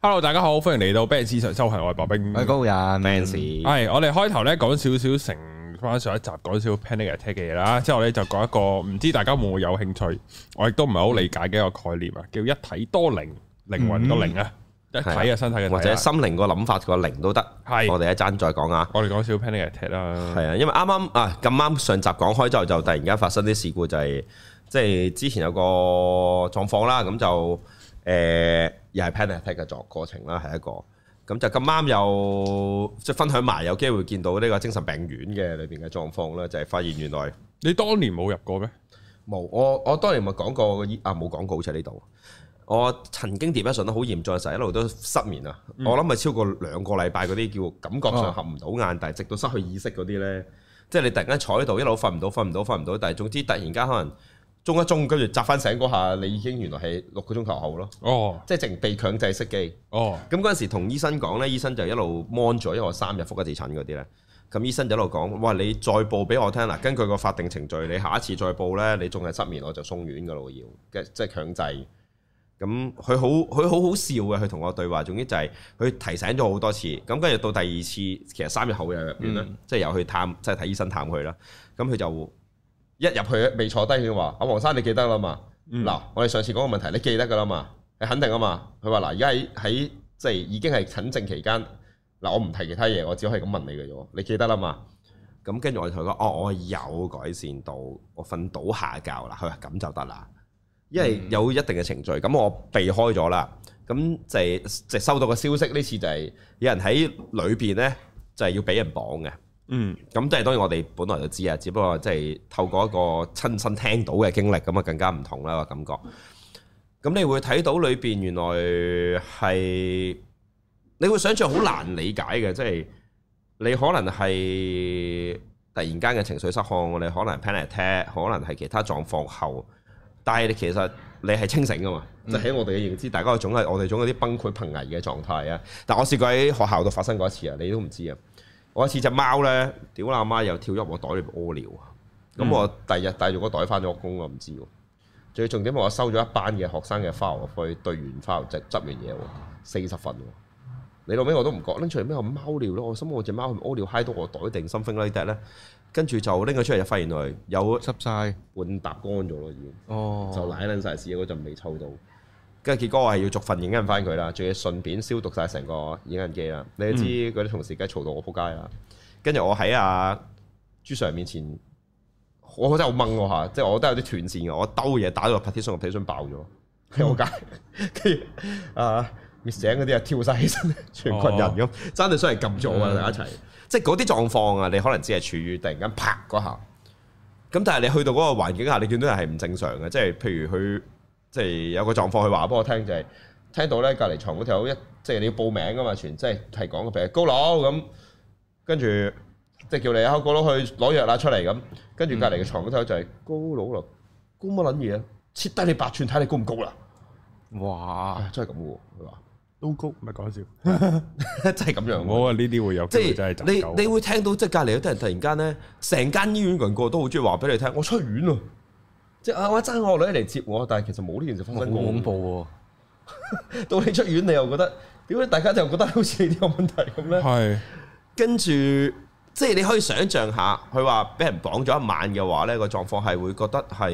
Hello，大家好，歡迎嚟到 ans,《Benz 上修行》go, yeah, 嗯，周係我係白兵，係高人 b e s 係我哋開頭咧講少少，小小小成翻上一集講少 panic attack 嘅嘢啦，之後咧就講一個唔知大家會唔會有興趣，我亦都唔係好理解嘅一個概念啊，叫一體多靈，靈魂都靈啊，一體嘅身體，體或者心靈個諗法個靈都得，係是我哋一陣再講啊。我哋講少 panic attack 嘅嘢啦，係啊，因為啱啱啊咁啱上集講開之後，就突然間發生啲事故、就是，就係、是、即係之前有個狀況啦，咁就。誒、呃，又係 panic 嘅作過程啦，係一個咁就咁啱又即係、就是、分享埋有機會見到呢個精神病院嘅裏邊嘅狀況啦，就係、是、發現原來你當年冇入過咩？冇，我我當年咪講過啊，冇廣告好似喺呢度。我曾經 depression 都好嚴重嘅時候，就一路都失眠啊。嗯、我諗咪超過兩個禮拜嗰啲叫感覺上合唔到眼，但係、哦、直到失去意識嗰啲咧，即、就、係、是、你突然間坐喺度一路瞓唔到，瞓唔到，瞓唔到，但係總之突然間可能。中一中，跟住扎翻醒嗰下，你已經原來係六個鐘頭後咯。哦，oh. 即係淨被強制熄機。哦，咁嗰陣時同醫生講咧，醫生就一路 mon 咗，一個三日複一次診嗰啲咧。咁醫生就一路講：哇，你再報俾我聽啦，根據個法定程序，你下一次再報咧，你仲係失眠，我就送院噶啦，要即即係強制。咁佢好佢好好笑嘅，佢同我對話，總之就係佢提醒咗好多次。咁跟住到第二次，其實三日後又入院啦，mm. 即係又去探，即係睇醫生探佢啦。咁佢就。一入去未坐低，佢話：阿黃生，你記得啦嘛？嗱、嗯，我哋上次講個問題，你記得噶啦嘛？你肯定啊嘛？佢話嗱，而家喺喺即係已經係診症期間。嗱，我唔提其他嘢，我只可以咁問你嘅啫。你記得啦嘛？咁跟住我哋同佢講：哦，我有改善到，我瞓到下覺啦。佢話咁就得啦，因為有一定嘅程序，咁我避開咗啦。咁就係、是、就是、收到個消息，呢次就係有人喺裏邊咧，就係要俾人綁嘅。嗯，咁即係當然，我哋本來就知啊，只不過即係透過一個親身聽到嘅經歷，咁啊更加唔同啦，個感覺。咁你會睇到裏邊原來係，你會想象好難理解嘅，即係你可能係突然間嘅情緒失控，我哋可能 panic，可能係其他狀況後，但係你其實你係清醒噶嘛。嗯、就喺我哋嘅認知，大家總係我哋總有啲崩潰瀕危嘅狀態啊！但我試過喺學校度發生過一次啊，你都唔知啊。.我一次隻貓咧，屌阿媽又跳入我袋裏邊屙尿啊！咁、嗯、我第日帶住嗰袋翻咗屋工，我唔知喎。最重點我收咗一班嘅學生嘅化學費，兌完化學即係執完嘢喎，四十份喎。你老味我都唔覺拎出嚟咩？貓尿咯！我心諗我隻貓係咪屙尿嗨到我袋定？心 f i n 諗呢啲咧，跟住就拎佢出嚟就發現佢有濕晒，半揼乾咗咯已經。了已經哦，就舐撚晒屎嗰陣未臭到。跟住結果我，我係要逐份影印翻佢啦，仲要順便消毒晒成個影印機啦。你都知嗰啲同事梗係嘈到我撲街啦。跟住、嗯、我喺阿、啊、朱 Sir 面前，我，我真係好掹我下， 即係我都有啲斷線嘅。我兜嘢打咗個 partition，partition 爆咗，係我解。跟住、嗯、啊，Miss 醒嗰啲啊跳晒起身，全群人咁，真係雖然撳咗啊，哦哦大家一齊，嗯、即係嗰啲狀況啊，你可能只係處於突然間啪嗰下。咁但係你去到嗰個環境下，你見到人係唔正常嘅，即係譬如佢。即係有個狀況，佢話俾我聽，就係聽到咧隔離床嗰條一，即係你要報名㗎嘛？全即係係講嘅，譬如高佬咁，跟住即係叫你啊過佬去攞藥啦出嚟咁，跟住隔離嘅牀嗰頭就係高佬咯，高乜撚嘢啊？切低你八寸，睇你高唔高啦！哇，真係咁嘅喎，係嘛？都高唔係講笑，真係咁樣。我話呢啲會有機會，就係，即係你你會聽到即係隔離有啲人突然間咧，成間醫院個個都好中意話俾你聽，我出院啦。即係阿威爭我女嚟接我，但係其實冇呢件事發生過。好恐怖、啊、 到你出院，你又覺得，點解大家就覺得好似呢啲有問題咁咧。係是。跟住，即、就、係、是、你可以想象下，佢話俾人綁咗一晚嘅話咧，個狀況係會覺得係，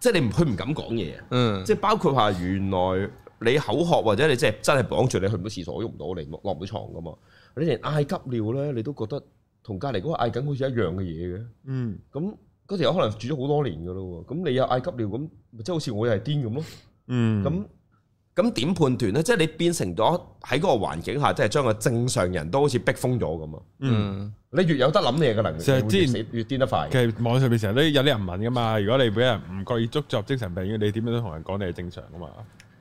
即、就、係、是、你唔佢唔敢講嘢。嗯。即係包括話原來你口渴或者你即係真係綁住你去唔到廁所，喐唔到你落唔到床噶嘛？你連嗌急尿咧，你都覺得同隔籬嗰個嗌緊好似一樣嘅嘢嘅。嗯。咁、嗯。嗰條可能住咗好多年噶咯喎，咁你又嗌急尿，咁即係好似我又係癲咁咯。嗯，咁咁點判斷咧？即係你變成咗喺嗰個環境下，即係將個正常人都好似逼瘋咗咁啊。嗯，你越有得諗嘢嘅能力，越癲得快。其實網上面成日都有啲人問噶嘛，如果你俾人唔覺意捉入精神病院，你點樣同人講你係正常噶嘛？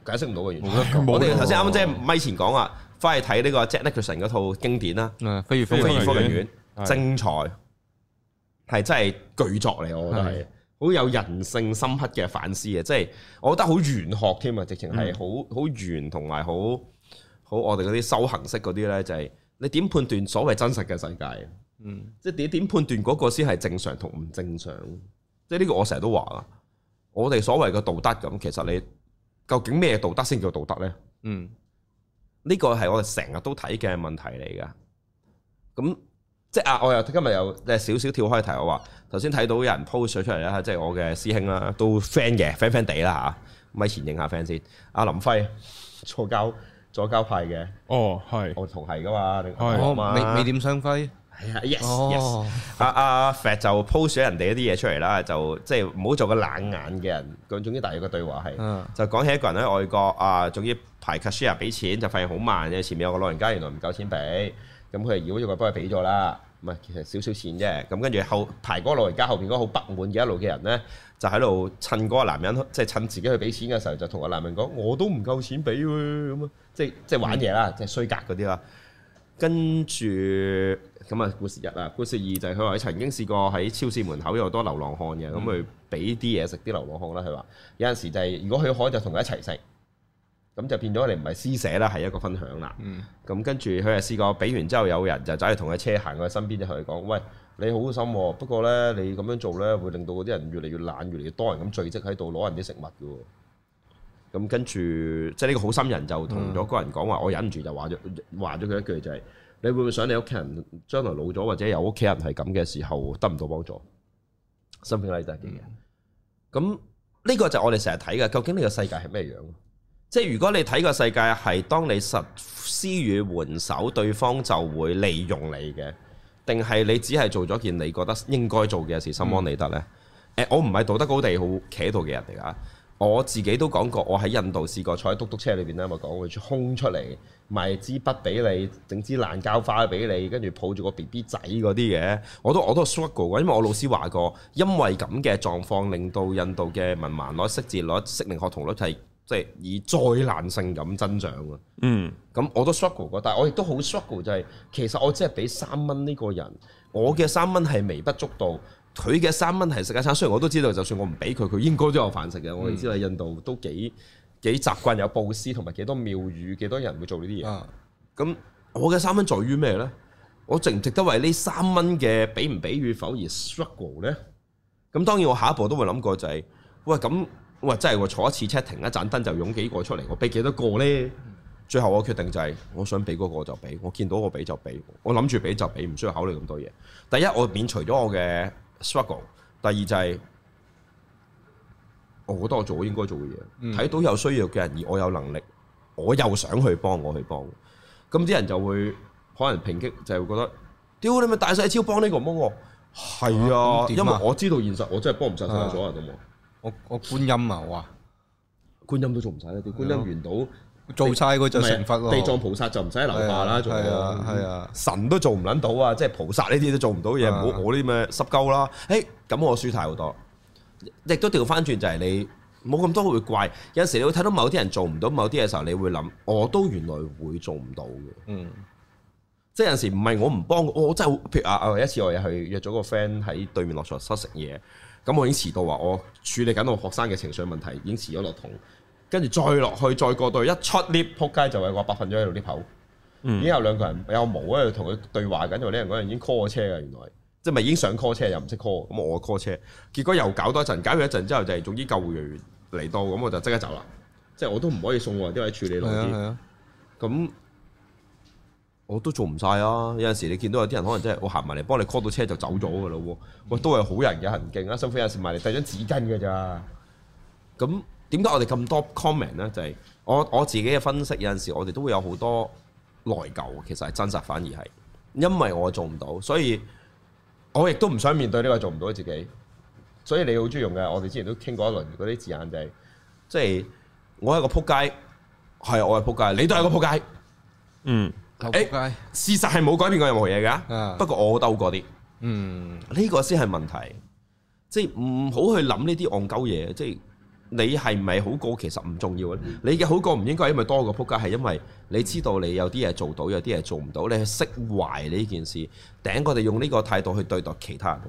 解釋唔到嘅原因。我哋頭先啱啱即係咪前講啊，翻去睇呢個 Jack Nicholson 嗰套經典啦，《飛飛飛人院》精彩。係真係巨作嚟，我覺得係好是有人性深刻嘅反思嘅，即係我覺得好玄學添啊！直情係好好玄同埋好好我哋嗰啲修行式嗰啲咧，就係、是、你點判斷所謂真實嘅世界？是嗯，即係點點判斷嗰個先係正常同唔正常？即係呢個我成日都話啦，我哋所謂嘅道德咁，其實你究竟咩道德先叫道德咧？嗯，呢個係我哋成日都睇嘅問題嚟㗎，咁。即係啊！我又今日又誒少少跳開題，我話頭先睇到有人 po 咗出嚟啦，即係我嘅師兄啦，都 friend 嘅，friend friend 地啦嚇。咪前認下 friend 先。阿林輝，左膠左膠派嘅。哦，係我同係噶嘛。你未未點雙輝？yes yes。阿阿 fat 就 po 咗人哋一啲嘢出嚟啦，就即係唔好做個冷眼嘅人。咁總之，第二個對話係就講起一個人喺外國啊，總之排卡舒啊，俾錢就發現好慢嘅，前面有個老人家原來唔夠錢俾。咁佢係繞咗個幫佢俾咗啦，唔係其實少少錢啫。咁跟住後排嗰個老人家後邊嗰個好不滿嘅一路嘅人咧，就喺度趁嗰個男人，即係趁自己去俾錢嘅時候，就同個男人講：嗯、我都唔夠錢俾喎，咁啊，即係即係玩嘢啦，即係衰格嗰啲啦。跟住咁啊，故事一啦，故事二就係佢話曾經試過喺超市門口有好多流浪漢嘅，咁佢俾啲嘢食啲流浪漢啦。佢話有陣時就係、是、如果佢可以就同佢一齊食。咁就變咗，你唔係施捨啦，係一個分享啦。咁、嗯、跟住佢又試過俾完之後，有人就走去同佢車行佢身邊，就同佢講：喂，你好心、喔，不過咧你咁樣做咧，會令到嗰啲人越嚟越懶，越嚟越多人咁聚集喺度攞人啲食物嘅。咁、嗯、跟住，即係呢個好心人就同咗嗰人講話，我忍唔住就話咗話咗佢一句就係、是：你會唔會想你屋企人將來老咗或者有屋企人係咁嘅時候得唔到幫助？身邊例子啲嘅。咁呢個就我哋成日睇嘅，究竟呢個世界係咩樣？即係如果你睇個世界係當你實施與援手，對方就會利用你嘅，定係你只係做咗件你覺得應該做嘅事，心安理得呢？嗯欸、我唔係道德高地好企喺度嘅人嚟㗎！我自己都講過，我喺印度試過坐喺嘟嘟車裏邊咧，咪講我空出出嚟，賣支筆俾你，整支爛膠花俾你，跟住抱住個 B B 仔嗰啲嘅，我都我都都 struggle 過嘅，因為我老師話過，因為咁嘅狀況令到印度嘅文盲率、識字率、適齡學童率係。即係以災難性咁增長啊！嗯，咁我都 struggle 過，但係我亦都好 struggle 就係、是，其實我只係俾三蚊呢個人，我嘅三蚊係微不足道，佢嘅三蚊係食一餐。雖然我都知道，就算我唔俾佢，佢應該都有飯食嘅。嗯、我亦知道喺印度都幾幾習慣有布施同埋幾多廟宇幾多人會做呢啲嘢。啊，咁我嘅三蚊在於咩呢？我值唔值得為呢三蚊嘅俾唔俾與否而 struggle 呢？咁當然我下一步都會諗過就係、是，喂，咁。哇真我真係坐一次車停一盞燈就湧幾個出嚟，我俾幾多個咧？最後我決定就係、是，我想俾嗰個就俾，我見到我俾就俾，我諗住俾就俾，唔需要考慮咁多嘢。第一我免除咗我嘅 struggle，第二就係、是、我覺得我做應該做嘅嘢，睇、嗯、到有需要嘅人而我有能力，我又想去幫我去幫，咁啲人就會可能抨擊就係覺得，屌你咪大細超幫呢個咩？係啊，啊嗯、啊因為我知道現實我真係幫唔晒所有人嘅嘛。我我觀音啊！我觀音都做唔晒啦，啲的觀音圓到做晒佢就成佛咯。地藏菩薩就唔使留下啦，仲係啊係啊，有神都做唔撚到啊！即係菩薩呢啲都做唔到嘢。是的 我我啲咩濕鳩啦？誒、欸、咁我輸太好多。嗯、亦都調翻轉就係、是、你冇咁多會怪。有時你會睇到某啲人做唔到某啲嘢時候，你會諗我都原來會做唔到嘅。嗯，即係有時唔係我唔幫我，真係譬如啊，有一次我又去約咗個 friend 喺對面落廚室食嘢。咁、嗯、我已經遲到啊！我處理緊我學生嘅情緒問題已經遲咗落堂，跟住再落去再過到一出 lift 撲街就係個百分之一度 lift 口，嗯、已經有兩個人有毛喺度同佢對話緊，就呢人嗰人已經 call 我車嘅原來，即係咪已經想 call 車又唔識 call，咁我 call 車，結果又搞多一陣，搞完一陣之後就係總之救護人員嚟到咁我就即刻走啦，即係我都唔可以送喎，因為處理耐啲。啊、咁、啊。嗯。我都做唔晒啊！有陣時你見到有啲人可能真係我行埋嚟幫你 call 到車就走咗噶啦喎！喂，都係好人嘅行徑啊！辛苦有時埋嚟遞張紙巾嘅咋？咁點解我哋咁多 comment 咧？就係、是、我我自己嘅分析，有陣時我哋都會有好多內疚，其實係真實，反而係因為我做唔到，所以我亦都唔想面對呢個做唔到嘅自己。所以你好中意用嘅，我哋之前都傾過一輪嗰啲字眼、就是，就係即係我係個撲街，係我係撲街，你都係個撲街，嗯。欸、事實係冇改變過任何嘢㗎，的不過我好過啲。嗯，呢個先係問題，即係唔好去諗呢啲戇鳩嘢。即、就、係、是、你係唔係好過其實唔重要嘅，你嘅好過唔應該因為多過仆街，係因為你知道你有啲嘢做到，有啲嘢做唔到，你釋懷呢件事，頂我哋用呢個態度去對待其他人。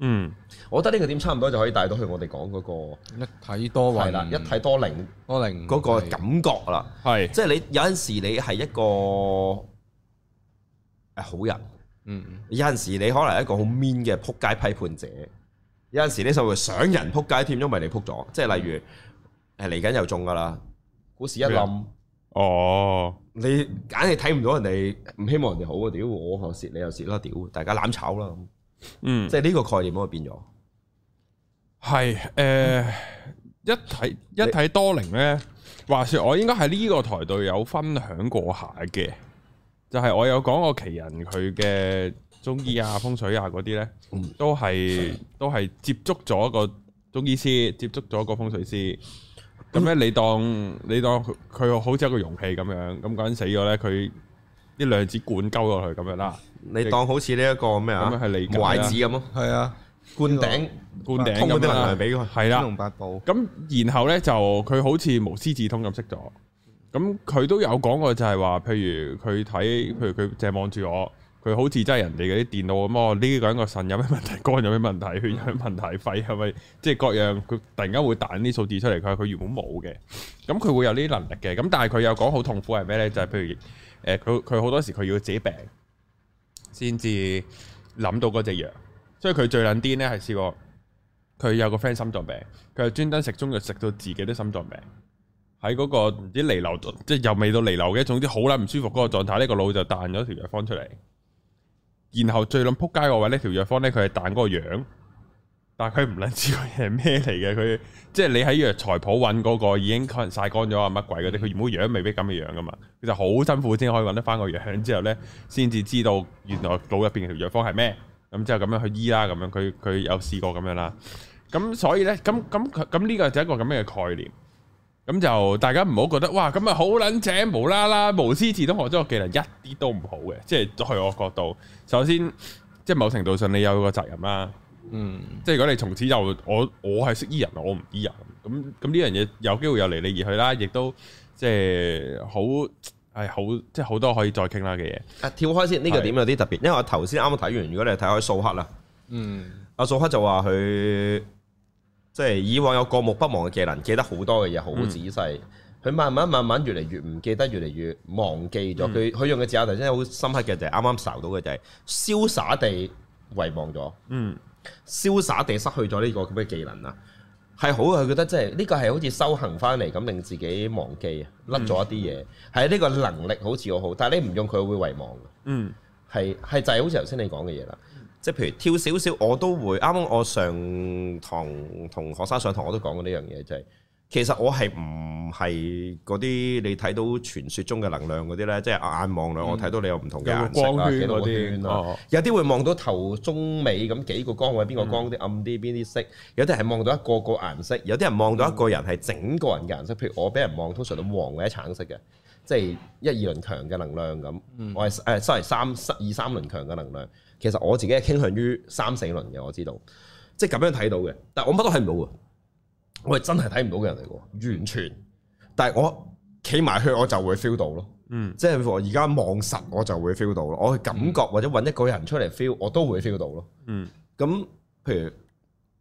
嗯，我覺得呢個點差唔多就可以帶到去我哋講嗰、那個一身多靈啦，一身多靈，多靈靈嗰個感覺啦，係是。即係你有陣時你係一個係好人，嗯，有陣時你可能係一個好 mean 嘅撲街批判者，有陣時你就會想人撲街添，因為你撲咗，即係例如誒嚟緊又中噶啦，股市一冧，哦麼，你簡直睇唔到人哋，唔希望人哋好啊！屌，我學蝕你又蝕啦，屌，大家攬炒啦。嗯，即係呢個概念嗰個變咗，係誒、呃、一睇一睇多靈咧，你話說我應該喺呢個台度有分享過下嘅，就係、是、我有講過個奇人佢嘅中醫啊風水啊嗰啲咧，都係、嗯、都係接觸咗一個中醫師，接觸咗一個風水師，咁咧你當、嗯、你當佢佢好似一個容器咁樣，咁嗰陣死咗咧佢。啲兩支管鳩落去咁樣啦，你當好似呢一個咩啊拐子咁咯，係啊，灌頂灌頂、啊、通啲能量俾佢，係啦、啊，用八部咁，然後咧就佢好似無師自通咁識咗，咁佢都有講過就係話，譬如佢睇，譬如佢淨望住我。佢好似真係人哋嗰啲電腦咁哦，呢個人個腎有咩問題，肝有咩問題，血有咩問題，肺係咪即係各樣？佢突然間會彈啲數字出嚟，佢話佢原本冇嘅，咁佢會有呢啲能力嘅。咁但係佢又講好痛苦係咩咧？就係、是、譬如誒，佢佢好多時佢要自己病先至諗到嗰隻藥，所以佢最撚癲咧係試過佢有個 friend 心臟病，佢係專登食中藥食到自己都心臟病，喺嗰個唔知離流即係又未到離流嘅，總之好撚唔舒服嗰個狀態，呢個腦就彈咗條藥方出嚟。然後最捻扑街個位呢條藥方咧佢係彈嗰個樣，但係佢唔捻知佢嘢係咩嚟嘅，佢即係你喺藥材鋪揾嗰個已經可能晒乾咗啊乜鬼嗰啲，佢原本樣未必咁嘅樣噶嘛，佢就好辛苦先可以揾得翻個樣，之後咧先至知道原來腦入邊條藥方係咩，咁之後咁樣去醫啦，咁樣佢佢有試過咁樣啦，咁所以咧咁咁佢咁呢個就一個咁樣嘅概念。咁就大家唔好覺得哇，咁啊好撚正，無啦啦無師自通學咗個技能，一啲都唔好嘅。即係喺我角度，首先即係某程度上你有個責任啦。嗯，即係如果你從此又我我係識醫人，我唔醫人，咁咁呢樣嘢有機會又離你而去啦。亦都即係好係好，即係好多可以再傾啦嘅嘢。啊，跳開先，呢個點有啲特別，是因為我頭先啱啱睇完，如果你睇開素黑啦，嗯，阿素黑就話佢。即係以往有過目不忘嘅技能，記得好多嘅嘢，好仔細。佢、嗯、慢慢慢慢越嚟越唔記得，越嚟越忘記咗。佢佢、嗯、用嘅字眼頭先真係好深刻嘅，就係啱啱受到嘅就係瀟灑地遺忘咗。嗯，瀟灑地失去咗呢個咁嘅技能啊，係好啊！佢覺得即係呢個係好似修行翻嚟咁，令自己忘記，甩咗一啲嘢。係呢、嗯、個能力好似好好，但係你唔用佢會遺忘。嗯，係係就係好似頭先你講嘅嘢啦。即譬如跳少少，我都會啱啱我上堂同學生上堂我都講過呢樣嘢，就係、是、其實我係唔係嗰啲你睇到傳説中嘅能量嗰啲咧，即、就、係、是、眼望咧，我睇到你有唔同嘅、嗯、光、哦、顏色。有啲會望到頭中尾咁幾個光位，邊個光啲暗啲，邊啲色，有啲係望到一個個顏色，有啲人望到一個人係整個人嘅顏色，嗯、譬如我俾人望，通常都黃或者橙色嘅。嗯嗯。即係一二輪強嘅能量咁，我係誒，sorry 三二三輪強嘅能量。其實我自己係傾向於三四輪嘅，我知道。即係咁樣睇到嘅，但係我乜都睇唔到嘅。我係真係睇唔到嘅人嚟嘅，完全。但係我企埋去，我就會 feel 到咯。嗯，即係我而家望實，我就會 feel 到咯。我係感覺或者揾一個人出嚟 feel，我都會 feel 到咯。嗯，咁譬如。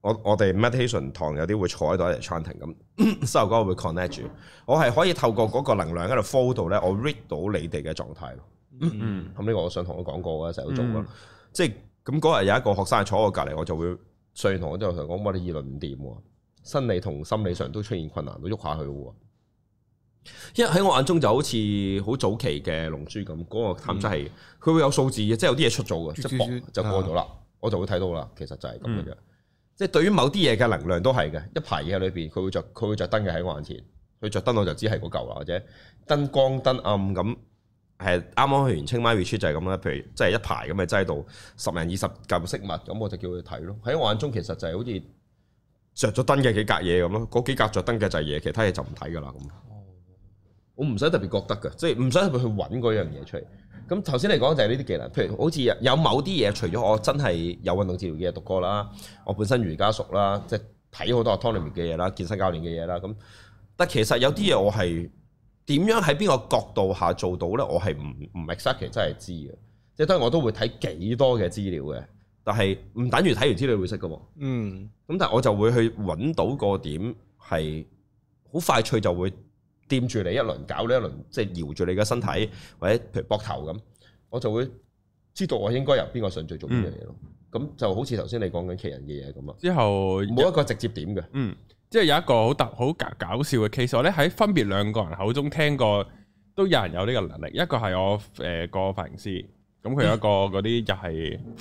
我我哋 meditation 堂有啲會坐喺度喺度 chanting 咁，收埋嗰會 connect 住。我係可以透過嗰個能量喺度 follow 到咧，我 read 到你哋嘅狀態咯。咁呢個我想同我講過嘅，成日都做啦。即係咁嗰日有一個學生係坐我隔離，我就會上嚟同我啲同學講，我哋議論唔掂，生理同心理上都出現困難，都喐下佢喎。因為喺我眼中就好似好早期嘅龍珠咁，嗰個探測係佢會有數字嘅，即係有啲嘢出咗嘅，即係嘣就過咗啦，我就會睇到啦。其實就係咁樣。即係對於某啲嘢嘅能量都係嘅，一排嘢喺裏邊佢會著佢會着燈嘅喺我眼前，佢着燈我就知係嗰嚿啦，或者燈光燈暗咁，係啱啱去完清邁 retreat 就係咁啦，譬如即係、就是、一排咁嘅，即喺度十零二十嚿飾物咁，我就叫佢睇咯。喺我眼中其實就係好似着咗燈嘅幾格嘢咁咯，嗰幾格着燈嘅就係嘢，其他嘢就唔睇噶啦咁。我唔使特別覺得噶，即係唔使特別去去揾嗰樣嘢出嚟。咁頭先嚟講就係呢啲技能，譬如好似有某啲嘢，除咗我真係有運動治療嘅嘢讀過啦，我本身瑜伽熟啦，即係睇好多 anatomy 嘅嘢啦，健身教練嘅嘢啦，咁但其實有啲嘢我係點樣喺邊個角度下做到咧，我係唔唔係 exactly 真係知嘅，即係當然我都會睇幾多嘅資料嘅，但係唔等於睇完資料會識嘅喎。嗯，咁但係我就會去揾到個點係好快脆就會。掂住你一輪，搞你一輪，即係搖住你嘅身體或者譬如膊頭咁，我就會知道我應該由邊個順序做呢樣嘢咯。咁、嗯、就好似頭先你講緊奇人嘅嘢咁啊。之後冇一個直接點嘅。嗯，即係有一個好搭好搞笑嘅 case，我咧喺分別兩個人口中聽過，都有人有呢個能力。一個係我誒、呃、個髮型師，咁佢有一個嗰啲就係。嗯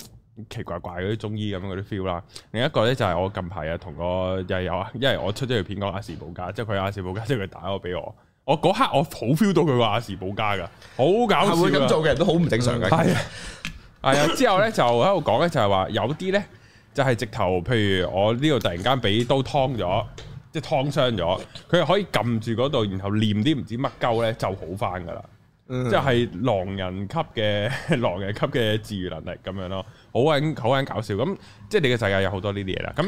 奇怪怪嗰啲中醫咁嗰啲 feel 啦，另一個咧就係我近排啊同個又有啊，因為我出咗條片講亞視保家，即係佢亞視保家，即係佢打我俾我，我嗰刻我好 feel 到佢話亞視保家噶，好搞笑啊！會咁做嘅人都好唔正常嘅。係啊，係啊，之後咧就喺度講咧就係話有啲咧就係直頭，譬如我呢度突然間俾刀燙咗，即係燙傷咗，佢係可以撳住嗰度，然後念啲唔知乜鳩咧就好翻噶啦。即係狼人級嘅 狼人級嘅自愈能力咁樣咯，好撚好撚搞笑咁，即係你嘅世界有好多呢啲嘢啦。咁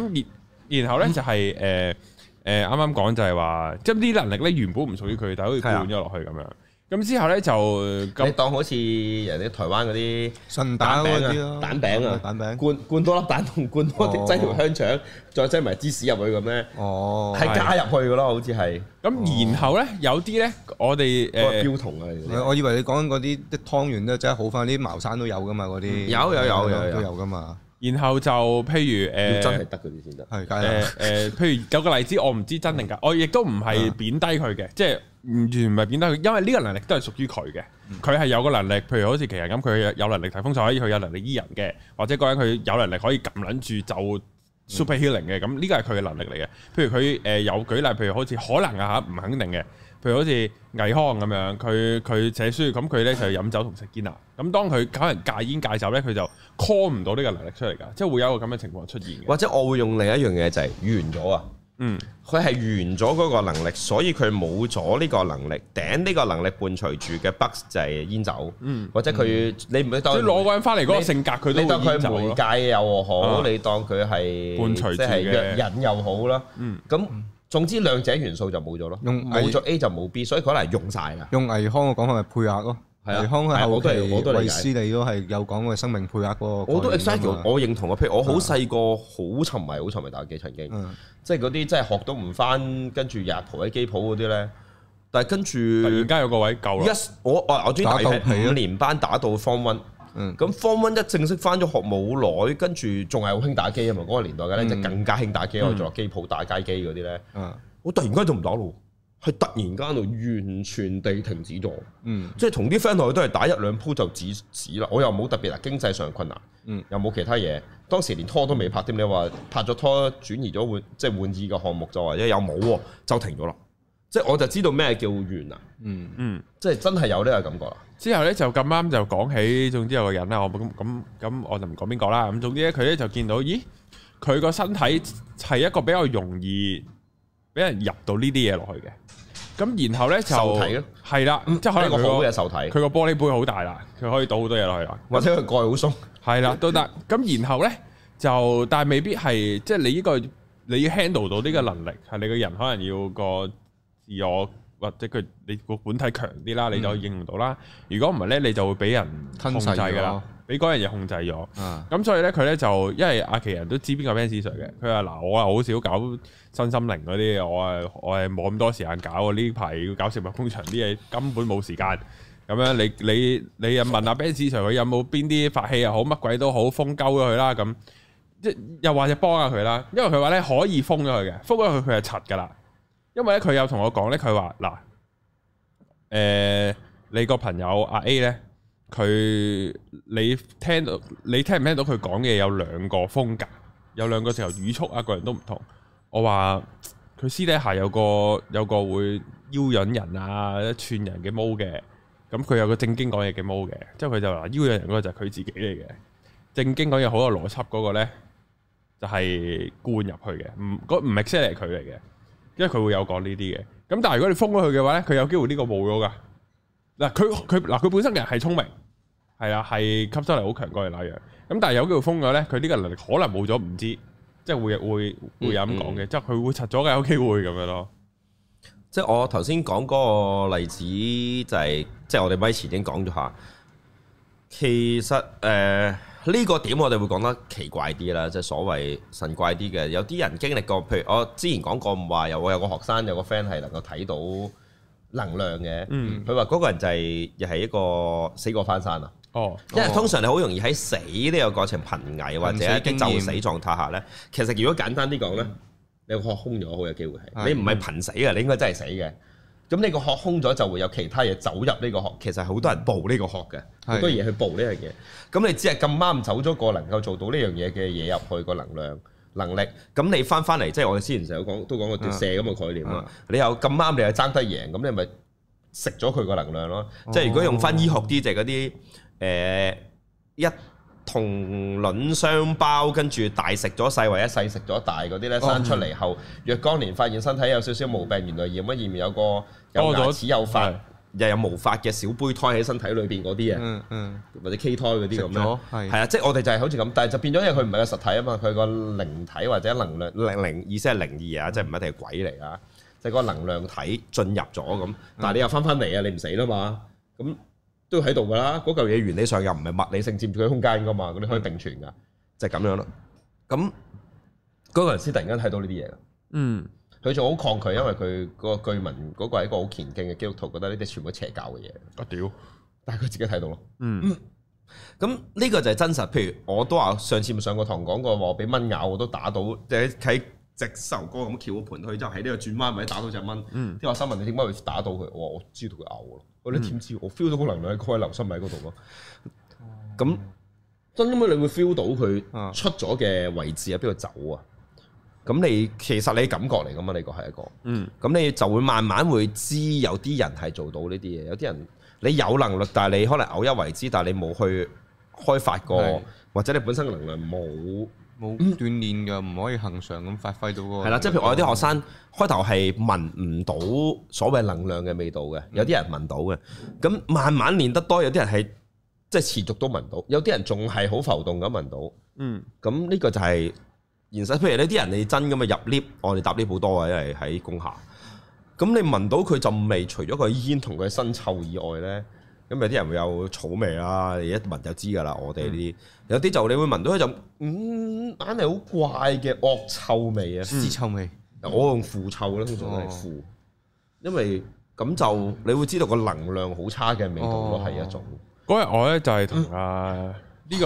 然然後咧就係誒誒，啱啱講就係話，即係呢啲能力咧原本唔屬於佢，但係好似灌咗落去咁樣。咁之後咧就，你當好似人哋台灣嗰啲順蛋啲咯，蛋餅啊，蛋餅，灌灌多粒蛋同灌多擠條香腸，再擠埋芝士入去咁咧，哦，係加入去噶咯，好似係。咁然後咧，有啲咧，我哋啊。我以為你講緊嗰啲啲湯圓咧，真係好翻，啲茅山都有噶嘛，嗰啲，有有有有有都有噶嘛。然後就譬如誒，呃、真係得嗰啲先得。係誒誒，譬如有個例子， 我唔知真定假。我亦都唔係貶低佢嘅，即係完全唔係貶低佢，因為呢個能力都係屬於佢嘅。佢係有個能力，譬如好似奇人咁，佢有能力提風就可以去，有能力醫人嘅，或者個人佢有能力可以撳撚住就 super healing 嘅。咁呢、嗯、個係佢嘅能力嚟嘅。譬如佢誒有舉例，譬如好似可能啊嚇，唔肯定嘅。譬如好似倪匡咁樣，佢佢寫書咁，佢咧就飲酒同食煙啦。咁當佢搞人戒煙戒酒咧，佢就 call 唔到呢個能力出嚟㗎，即係會有一個咁嘅情況出現。或者我會用另一樣嘢就係完咗啊，嗯，佢係完咗嗰個能力，所以佢冇咗呢個能力頂呢個能力伴隨住嘅 box 就係煙酒，嗯，或者佢你唔會當你攞個人翻嚟嗰個性格，佢都得佢戒又好，你當佢係伴隨住嘅引又好啦，嗯，咁。總之兩者元素就冇咗咯，用冇藝咗 A 就冇 B，所以可能用晒啦。用康、啊、藝康嘅講法係配合咯，藝康嘅，佢後期維斯利都係有講我係生命配合喎。我都 exact，我我認同啊。譬如我好細個好沉迷好沉迷打機，曾經，即係嗰啲即係學到唔翻，跟住日頭喺機鋪嗰啲咧。但係跟住而家有個位夠啦。一，我我我啲打機五年班打到 form one、啊。打到打到咁、嗯、方 o n e Form One 一正式翻咗學冇耐，跟住仲係好興打機啊嘛，嗰、那個年代嘅咧就更加興打機，我以可以坐機鋪打街機嗰啲咧。嗯、我突然間就唔打咯，係突然間就完全地停止咗。嗯，即係同啲 friend 去都係打一兩鋪就止止啦。我又冇特別啊經濟上困難，嗯，又冇其他嘢。當時連拖都未拍添，你話拍咗拖轉移咗換即係、就是、換依個項目就話，即有冇喎，就停咗啦。即係我就知道咩叫完啊，嗯嗯，即係真係有呢個感覺啦。之後咧就咁啱就講起，總之有個人啦，我咁咁咁我就唔講邊個啦。咁總之咧佢咧就見到，咦佢個身體係一個比較容易俾人入到呢啲嘢落去嘅。咁然後咧就係啦，即係可能佢個玻璃杯受體，佢個玻璃杯好大啦，佢可以倒好多嘢落去，或者佢蓋好鬆。係啦、嗯，都得。咁然後咧就，但係未必係，即係你呢個你要 handle 到呢個能力，係、嗯、你個人可能要個自我。或者佢你個本體強啲啦，你就應用到啦。如果唔係咧，你就會俾人控制㗎啦，俾嗰樣嘢控制咗。咁、啊、所以咧，佢咧就因為阿奇人都知邊個 Benz Sir 嘅，佢話嗱，我係好少搞身心靈嗰啲嘢，我係我係冇咁多時間搞。呢排要搞食物工場啲嘢根本冇時間。咁樣你你你問下有問阿 Benz Sir 佢有冇邊啲法器又好乜鬼都好，封鳩咗佢啦。咁即又或者幫下佢啦，因為佢話咧可以封咗佢嘅，封咗佢佢係柒㗎啦。因為咧，佢有同我講咧，佢話嗱，誒、呃，你個朋友阿 A 咧，佢你聽到你聽唔聽到佢講嘢有兩個風格，有兩個時候語速啊，個人都唔同，我話佢私底下有個有個會邀引人啊，一串人嘅毛嘅，咁、嗯、佢有個正經講嘢嘅毛嘅。之後佢就話邀引人嗰個就係佢自己嚟嘅。正經講嘢好有邏輯嗰個咧，就係、是、灌入去嘅，唔嗰唔係 s i r 佢嚟嘅，那個因為佢會有講呢啲嘅，咁但係如果你封咗佢嘅話咧,佢有機會呢個冇咗噶。嗱，佢佢嗱,佢本身人係聰明，係啊，係吸收力好強過人那樣。咁但係有機會封咗咧，佢呢個能力可能冇咗，唔知，即係會會會有咁講嘅，即係佢會拆咗嘅，有機會咁樣咯。即係我頭先講嗰個例子就係，即係我哋咪前已經講咗下，其實誒。呃呢個點我哋會講得奇怪啲啦，即係所謂神怪啲嘅。有啲人經歷過，譬如我之前講過，唔話有個有個學生有個 friend 係能夠睇到能量嘅。嗯，佢話嗰個人就係又係一個死過翻生啊、哦。哦，因為通常你好容易喺死呢個過程瀕危或者已經就死狀態下咧，其實如果簡單啲講咧，嗯、你個殼空咗好有機會係、嗯、你唔係瀕死啊，你應該真係死嘅。咁呢個殼空咗就會有其他嘢走入呢個殼，其實好多人捕呢個殼嘅，好是多嘢去捕呢樣嘢。咁你只係咁啱走咗個能夠做到呢樣嘢嘅嘢入去個能量能力，咁 你翻翻嚟即係我哋之前成日講都講過奪舍咁嘅概念啦。啊啊、你又咁啱你又爭得贏，咁你咪食咗佢個能量咯。哦、即係如果用翻醫學啲就係嗰啲誒一。同卵雙胞，跟住大食咗細，或者細食咗大嗰啲咧，生出嚟、哦嗯、後，若干年發現身體有少少毛病，原來掩隱面有，有個有牙齒有髮，又、嗯嗯、有毛髮嘅小胚胎喺身體裏邊嗰啲啊，嗯嗯、或者畸胎嗰啲咁樣，係啊，即係我哋就係好似咁，但係就變咗，因為佢唔係個實體啊嘛，佢個靈體或者能量靈靈，意思係靈異啊，即係唔一定係鬼嚟啊，即係、個能量體進入咗咁，但係你又翻返嚟啊，你唔死啦嘛，咁、嗯。都喺度噶啦，嗰嚿嘢原理上又唔係物理性佔住佢空間噶嘛，咁你可以並存噶，嗯、就係咁樣咯。咁嗰個人先突然間睇到呢啲嘢，嗯，佢仲好抗拒，因為佢個居民嗰個係一個好虔敬嘅基督徒，覺得呢啲全部邪教嘅嘢。我屌、啊！但係佢自己睇到咯。嗯。咁呢個就係真實。譬如我都話上次上過堂講過話，俾蚊咬我都打到，即係喺。直首歌咁撬個盤去，之後喺呢度轉彎，或者打到隻蚊。聽話新聞，你點解會打到佢？我我知道佢咬、嗯、我咯。我點知？我 feel 到個能量喺內流，心喺嗰度咯。咁，真咁樣你會 feel 到佢出咗嘅位置喺邊度走啊？咁你其實你感覺嚟㗎嘛？呢個係一個。嗯。咁你就會慢慢會知有啲人係做到呢啲嘢，有啲人你有能力，但係你可能偶一為之，但係你冇去開發過，的或者你本身嘅能量冇。冇鍛鍊嘅，唔可以恒常咁發揮到嗰個。係啦，即係譬如我有啲學生開頭係聞唔到所謂能量嘅味道嘅，有啲人聞到嘅。咁慢慢練得多，有啲人係即係持續都聞到，有啲人仲係好浮動咁聞到。嗯，咁呢個就係現實。譬如呢啲人你真咁啊入 lift，我哋搭 lift 好多嘅，因為喺工廈。咁你聞到佢陣味，除咗個煙同佢身臭以外咧。咁有啲人會有草味啦，你一聞就知噶啦。我哋呢啲有啲就你會聞到一陣，嗯，硬係好怪嘅惡臭味啊，屎臭味。嗱，我用腐臭咯，通常係腐，因為咁就你會知道個能量好差嘅味道咯，係一種。嗰日我咧就係同阿呢個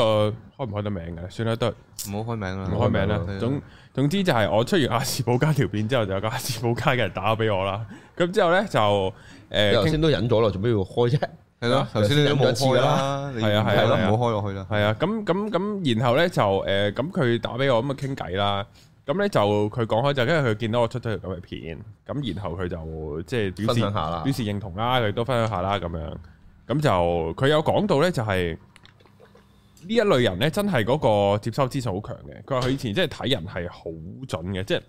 開唔開得名嘅，算啦，得唔好開名啦，唔開名啦。總總之就係我出完阿士保街條片之後，就有個阿士保街嘅人打俾我啦。咁之後咧就誒，頭先都忍咗啦，做咩要開啫？係咯，頭先你都冇開啦，係啊係咯，冇開落去啦。係啊，咁咁咁，然後咧就誒，咁佢打俾我咁啊，傾偈啦。咁咧就佢講開就，因為佢見到我出咗條咁嘅片，咁然後佢就即係表示下啦，表示認同啦，佢都分享下啦咁樣。咁就佢有講到咧，就係呢一類人咧，真係嗰個接收資訊好強嘅。佢話佢以前即係睇人係好準嘅，即係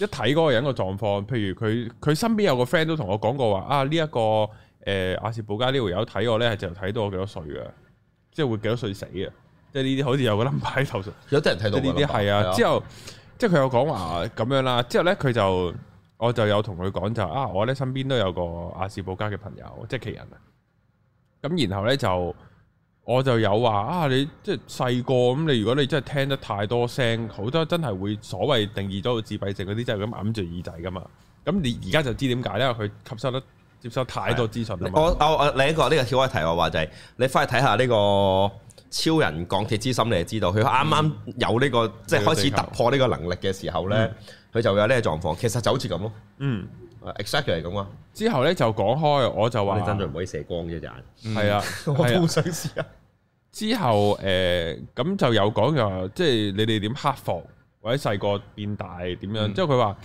一睇嗰個人個狀況。譬如佢佢身邊有個 friend 都同我講過話啊，呢一個。誒、呃、阿士布加位呢位有睇我咧，係就睇到我幾多歲嘅，即係會幾多歲死嘅，即係呢啲好似有個 number 喺頭上。有啲人睇到。呢啲係啊，啊之，之後即係佢有講話咁樣啦。之後咧，佢就我就有同佢講就是、啊，我咧身邊都有個阿士布加嘅朋友，即係奇人啊。咁然後咧就我就有話啊，你即係細個咁，你如果你真係聽得太多聲，好多真係會所謂定義咗個自閉症嗰啲，真係咁揞住耳仔噶嘛。咁你而家就知點解咧？佢吸收得。接收太多資訊。我我我、哦、另一個呢、呢個跳開題我話就係、是、你翻去睇下呢個超人鋼鐵之心，你就知道佢啱啱有呢、呢個即係、嗯、開始突破呢個能力嘅時候咧，佢、嗯、就有呢個狀況。其實就好似咁咯。嗯，exactly 係咁啊。之後咧就講開，我就話你真係唔可以射光嘅就係。嗯、啊，我想試啊，啊。 之後誒咁、呃、就有講又話，即、就、係、是、你哋點克服或者細個變大點樣？即係佢話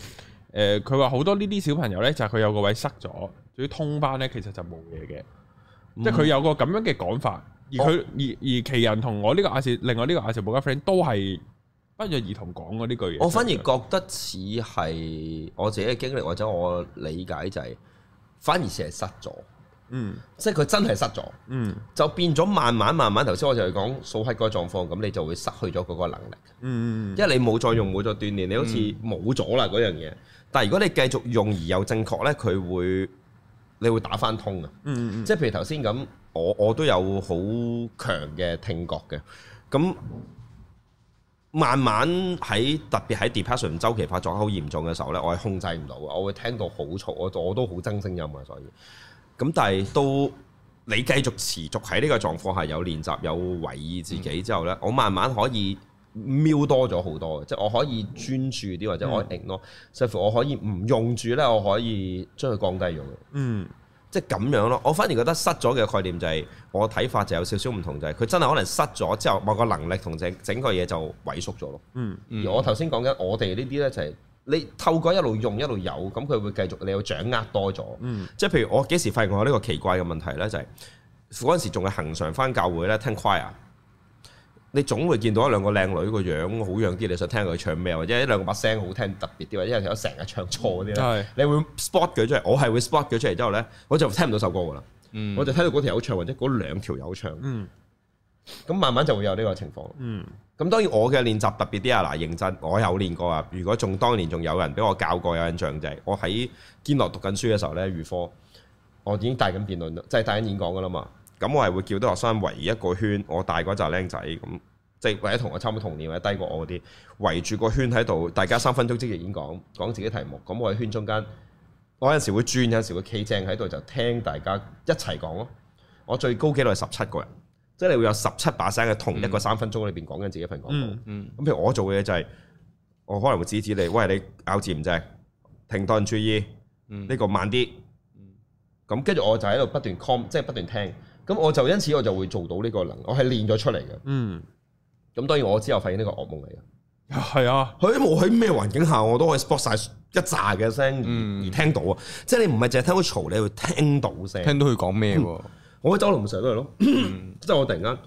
誒，佢話好多呢啲小朋友咧，就係佢有個位塞咗。要通翻咧，其實就冇嘢嘅，嗯、即係佢有個咁樣嘅講法，而佢而而其人同我呢個亞視，另外呢個亞視部嘅 friend 都係不約而同講過呢句嘢。我反而覺得似係我自己嘅經歷或者我理解就係、是，反而成日失咗，嗯，即係佢真係失咗，嗯，就變咗慢慢慢慢。頭先我就係講數乞嗰個狀況，咁你就會失去咗嗰個能力，嗯嗯，因為你冇再用冇、嗯、再鍛鍊，你好似冇咗啦嗰樣嘢。但係如果你繼續用而又正確咧，佢會。你會打翻通嘅，即係、嗯嗯、譬如頭先咁，我我都有好強嘅聽覺嘅，咁慢慢喺特別喺 depression 周期發作好嚴重嘅時候咧，我係控制唔到啊，我會聽到好嘈，我我都好憎聲音啊，所以咁但係都你繼續持續喺呢個狀況下，有練習有為意自己之後咧，嗯、我慢慢可以，瞄多咗好多嘅，即係我可以專注啲、嗯、或者我定咯、嗯，甚至乎我可以唔用住咧，我可以將佢降低咗，嗯，即係咁樣咯。我反而覺得失咗嘅概念就係、是、我睇法就有少少唔同，就係、是、佢真係可能失咗之後，某個能力同整整個嘢就萎縮咗咯。嗯，而我頭先講緊我哋呢啲咧就係、是、你透過一路用一路有，咁佢會繼續你要掌握多咗。嗯，即係譬如我幾時發現我呢個奇怪嘅問題咧，就係嗰陣時仲係恒常翻教會咧聽 choir。你總會見到一兩個靚女個樣好樣啲，你想聽佢唱咩，或者一兩個把聲好聽特別啲，或者有成日唱錯嗰啲、嗯、你會 spot 佢出嚟。我係會 spot 佢出嚟之後呢，我就聽唔到首歌噶啦，嗯、我就聽到嗰條有唱，或者嗰兩條有唱。咁、嗯、慢慢就會有呢個情況。咁、嗯、當然我嘅練習特別啲啊，嗱認真，我有練過啊。如果仲當年仲有人俾我教過，有印象就係我喺堅樂讀緊書嘅時候呢。預科，我已經帶緊辯論，即係帶緊演講噶啦嘛。咁我係會叫啲學生圍一個圈，我大嗰扎僆仔咁，即係或者同我差唔多同年或者低過我嗰啲，圍住個圈喺度，大家三分鐘即時演講，講自己題目。咁我喺圈中間，我有陣時會轉，有陣時會企正喺度就聽大家一齊講咯。我最高記錄係十七個人，即係你會有十七把聲喺同一個三分鐘裏邊、嗯、講緊自己份講嗯。嗯嗯。咁譬如我做嘅嘢就係、是，我可能會指指你，喂你咬字唔正，停頓注意，呢、嗯、個慢啲。嗯。咁跟住我就喺度不斷 comment，即係不斷聽。咁我就因此我就會做到呢個能，我係練咗出嚟嘅。嗯，咁當然我之後發現呢個噩夢嚟嘅。係啊，佢我喺咩環境下我都可以播晒一扎嘅聲而聽到啊，即係你唔係淨係聽到嘈，你會聽到聲，聽到佢講咩。我喺走廊成日都係咯，即係我突然間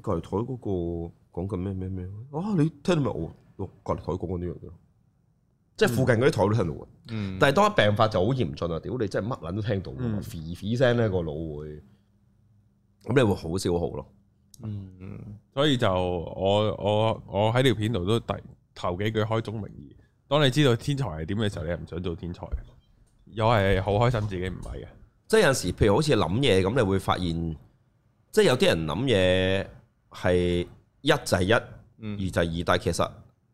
隔籬台嗰個講緊咩咩咩啊，你聽到咪我隔籬台講緊呢樣嘢，即係附近嗰啲台都聽到嘅。但係當一病發就好嚴峻啊！屌你真係乜撚都聽到 f 聲咧個腦會咁你會好消耗咯，嗯，所以就我我我喺條片度都第頭幾句開宗明義，當你知道天才係點嘅時候，你係唔想做天才嘅，又係好開心自己唔係嘅，即係有陣時，譬如好似諗嘢咁，你會發現，即係有啲人諗嘢係一就係一，二就係二，但係其實。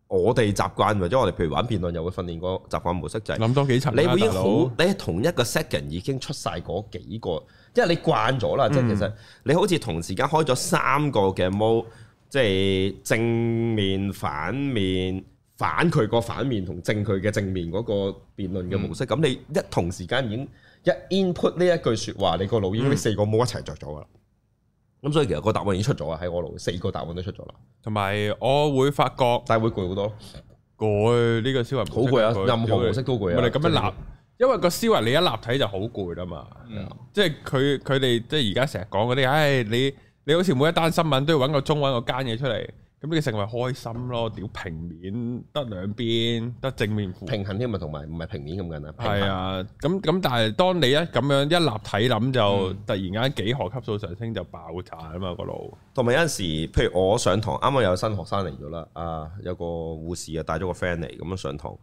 我哋習慣，或者我哋譬如玩辯論，又會訓練個習慣模式就係諗多幾層。你已經好，你喺同一個 second 已經出晒嗰幾個，因為你慣咗啦。嗯、即係其實你好似同時間開咗三個嘅 mode 即係正面、反面、反佢個反面同正佢嘅正面嗰個辯論嘅模式。咁、嗯、你一同時間已經一 input 呢一句説話，你個腦已經四個 mode 一齊着咗㗎啦。咁、嗯、所以其實個答案已經出咗啊！喺我度四個答案都出咗啦，同埋我會發覺，但係會攰好多。攰呢、呢個思維好攰啊！攰、任何模式都攰啊！咁樣立，樣因為個思維你一立體就好攰啦嘛。嗯、即係佢佢哋即係而家成日講嗰啲，唉、哎，你你好似每一單新聞都要揾個中揾個間嘢出嚟。咁你成為開心咯？屌平面得兩邊得、嗯、正面負面平衡添，咪，同埋唔係平面咁緊啊！係啊，咁咁但係當你一咁樣一立體諗就突然間幾何級數上升就爆炸啊嘛個腦！同埋、嗯、裡有陣時，譬如我上堂啱啱有新學生嚟咗啦，啊有個護士啊帶咗個 friend 嚟咁樣上堂，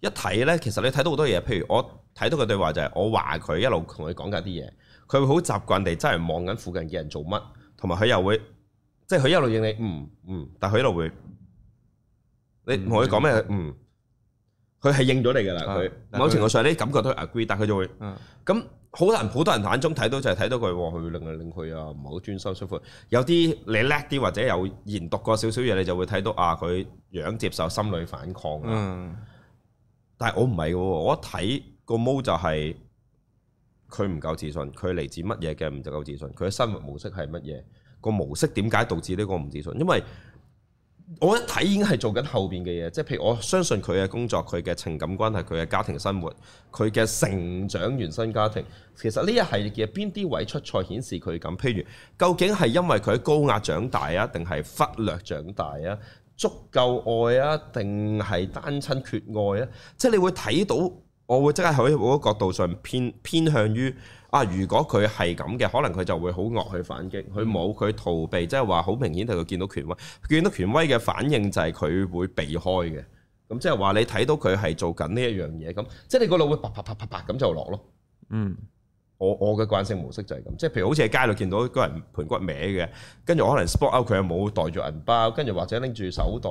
一睇咧其實你睇到好多嘢，譬如我睇到佢對話就係我話佢一路同佢講緊啲嘢，佢會好習慣地真係望緊附近嘅人做乜，同埋佢又會。即係佢一路應你，嗯嗯，但係佢一路會，你同佢講咩，嗯，佢係應咗你㗎喇，佢某程度上啲感覺都 agree，但係佢就會，咁好多人好多人眼中睇到就係睇到佢，佢會令佢令佢啊唔係好專心舒服，有啲你叻啲或者有研讀過少少嘢，你就會睇到啊佢樣接受，心裏反抗，但係我唔係，我一睇個毛就係佢唔夠自信，佢嚟自乜嘢嘅唔足夠自信，佢嘅生活模式係乜嘢。個模式點解導致呢個唔自信？因為我一睇已經係做緊後邊嘅嘢，即係譬如我相信佢嘅工作、佢嘅情感關係、佢嘅家庭生活、佢嘅成長原生家庭，其實呢一系列嘅邊啲位出錯顯示佢咁？譬如究竟係因為佢喺高壓長大啊，定係忽略長大啊？足夠愛啊，定係單親缺愛啊？即係你會睇到。我會即刻喺我個角度上偏偏向於啊，如果佢係咁嘅，可能佢就會好惡去反擊。佢冇佢逃避，即係話好明顯，佢見到權威，見到權威嘅反應就係佢會避開嘅。咁即係話你睇到佢係做緊呢一樣嘢，咁即係你個腦會啪啪啪啪啪咁就落咯。嗯，我我嘅慣性模式就係咁。即係譬如好似喺街度見到嗰人盤骨歪嘅，跟住可能 spot out 佢又冇袋住銀包，跟住或者拎住手袋。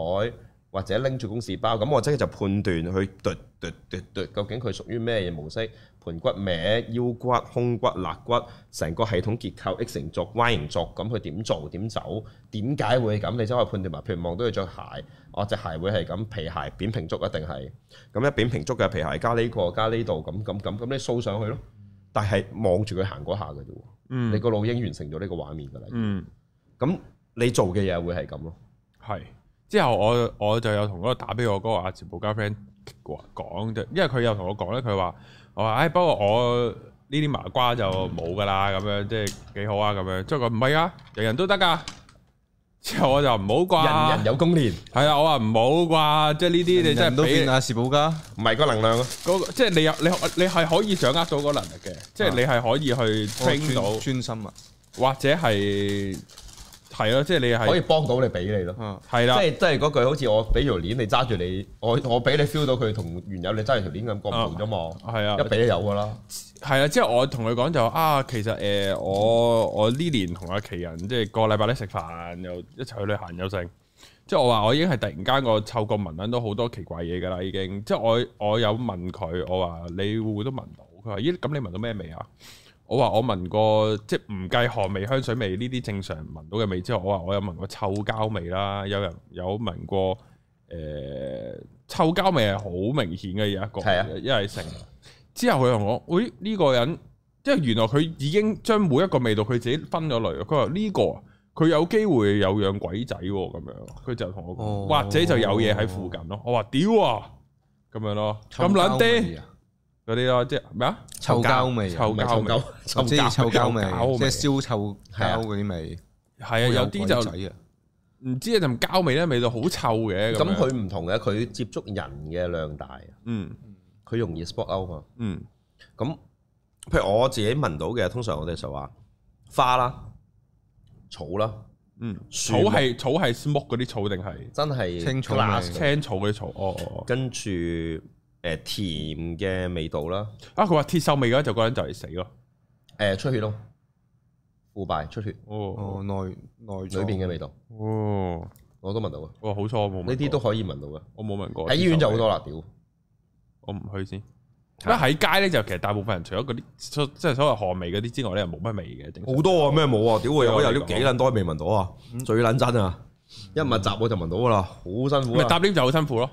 或者拎住公事包，咁我即刻就判斷佢嘟嘟嘟嘟，究竟佢屬於咩嘢模式？盤骨孭、腰骨、胸骨、肋骨，成個系統結構 X 型足、Y 型足，咁佢點做？點走？點解會咁？你就可以判斷埋，譬如望到佢着鞋，我、啊、隻鞋會係咁皮鞋扁平足一定係咁一扁平足嘅皮鞋加呢、呢個加呢、呢、度、個，咁咁咁咁，你掃上去咯。但係望住佢行嗰下嘅啫，嗯，嗯你個腦已經完成咗呢個畫面㗎啦，嗯，咁、嗯嗯、你做嘅嘢會係咁咯，係是。之後我我就有同嗰個打俾我嗰個阿士布家 friend 講就，因為佢又同我講咧，佢話我話，唉不過我呢啲麻瓜就冇噶啦，咁樣即係幾好啊，咁樣即係佢唔係啊，人人都得噶。之後我就唔好啩。人人有功練。係啊，我話唔好啩，即係呢啲你真係俾阿士布家，唔係個能量啊。嗰個即係你有你你係可以掌握到個能力嘅，即係你係可以去 train 到專心啊，或者係。係咯，即係你係可以幫到你俾你咯，係啦、嗯，即係即係嗰句，好似我俾條鏈你揸住你，我我俾你 feel 到佢同原有你揸住條鏈咁唔同咗嘛？係啊，嗯、一俾都的有噶啦。係啊，即係我同佢講就啊，其實誒、呃，我我呢年同阿奇人即係、就是、個禮拜咧食飯又一齊去旅行有剩，即係我話我已經係突然間我嗅個聞到好多奇怪嘢噶啦，已經，即係我我有問佢，我話你會唔會都聞到？佢話咦，咁你聞到咩味啊？我話我聞過，即係唔計汗味、香水味呢啲正常聞到嘅味之後，我話我有聞過臭膠味啦，有人有聞過，誒、呃，臭膠味係好明顯嘅有一個，一係成之後佢同我，喂，呢、這個人即係原來佢已經將每一個味道佢自己分咗類，佢話呢個佢有機會有養鬼仔咁樣，佢就同我講，哦、或者就有嘢喺附近咯。我話屌啊，咁、哦、樣咯，咁冷啲。嗰啲咯，即係咩啊？臭膠味，臭味，即係臭膠味，即係燒臭膠嗰啲味。係啊，有啲就唔知啊，就膠味咧，味道好臭嘅。咁佢唔同嘅，佢接觸人嘅量大。嗯，佢容易 spot out 嘛。嗯，咁譬如我自己聞到嘅，通常我哋就話花啦、草啦。嗯，草係草係 smoke 嗰啲草定係真係青草？青草嗰啲草哦，跟住。誒，甜嘅味道啦，啊，佢話鐵鏽味嘅就個人就嚟死咯，誒，出血咯，腐敗出血，哦，內內裏邊嘅味道，哦，我都聞到啊，哇，好錯，喎，呢啲都可以聞到嘅，我冇聞過，喺醫院就好多啦，屌，我唔去先，喺街咧就其實大部分人除咗嗰啲即係所謂汗味嗰啲之外咧，冇乜味嘅，好多啊，咩冇啊，屌我有丟幾捻多未聞到啊，最捻真啊，一密集我就聞到噶啦，好辛苦，咪搭 lift 就好辛苦咯。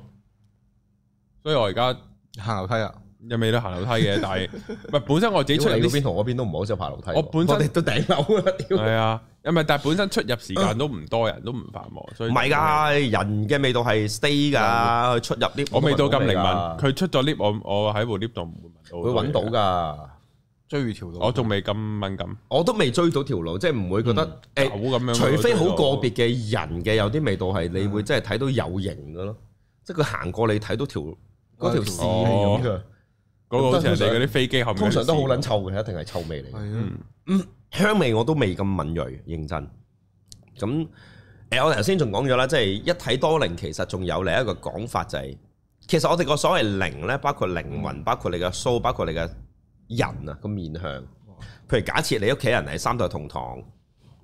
所以我而家行樓梯啊，有味道行樓梯嘅，但係係本身我自己出嚟呢邊同嗰邊都唔好，即係爬樓梯。我本身我都頂樓啊，係啊，唔係但係本身出入時間都唔多，人都唔繁忙，所以唔係噶人嘅味道係 stay 噶，出入啲我未到咁靈敏，佢出咗 lift，我我喺部 lift 度唔會聞到，佢搵到噶追住條路，我仲未咁敏感，我都未追到條路，即係唔會覺得誒，除非好個別嘅人嘅有啲味道係你會即係睇到有型噶咯，即係佢行過你睇到條。嗰條屎嚟嘅，㗎、哦，嗰個好似係你嗰啲飛機後面。通常都好撚臭嘅，一定係臭味嚟是的、嗯。嗯，香味我都未咁敏銳認真。咁誒、欸，我頭先仲講咗啦，即、就、係、是、一身多靈，其實仲有另一個講法就係、是，其實我哋個所謂靈咧，包括靈魂，嗯、包括你嘅須，包括你嘅人啊個面向。譬如假設你屋企人係三代同堂。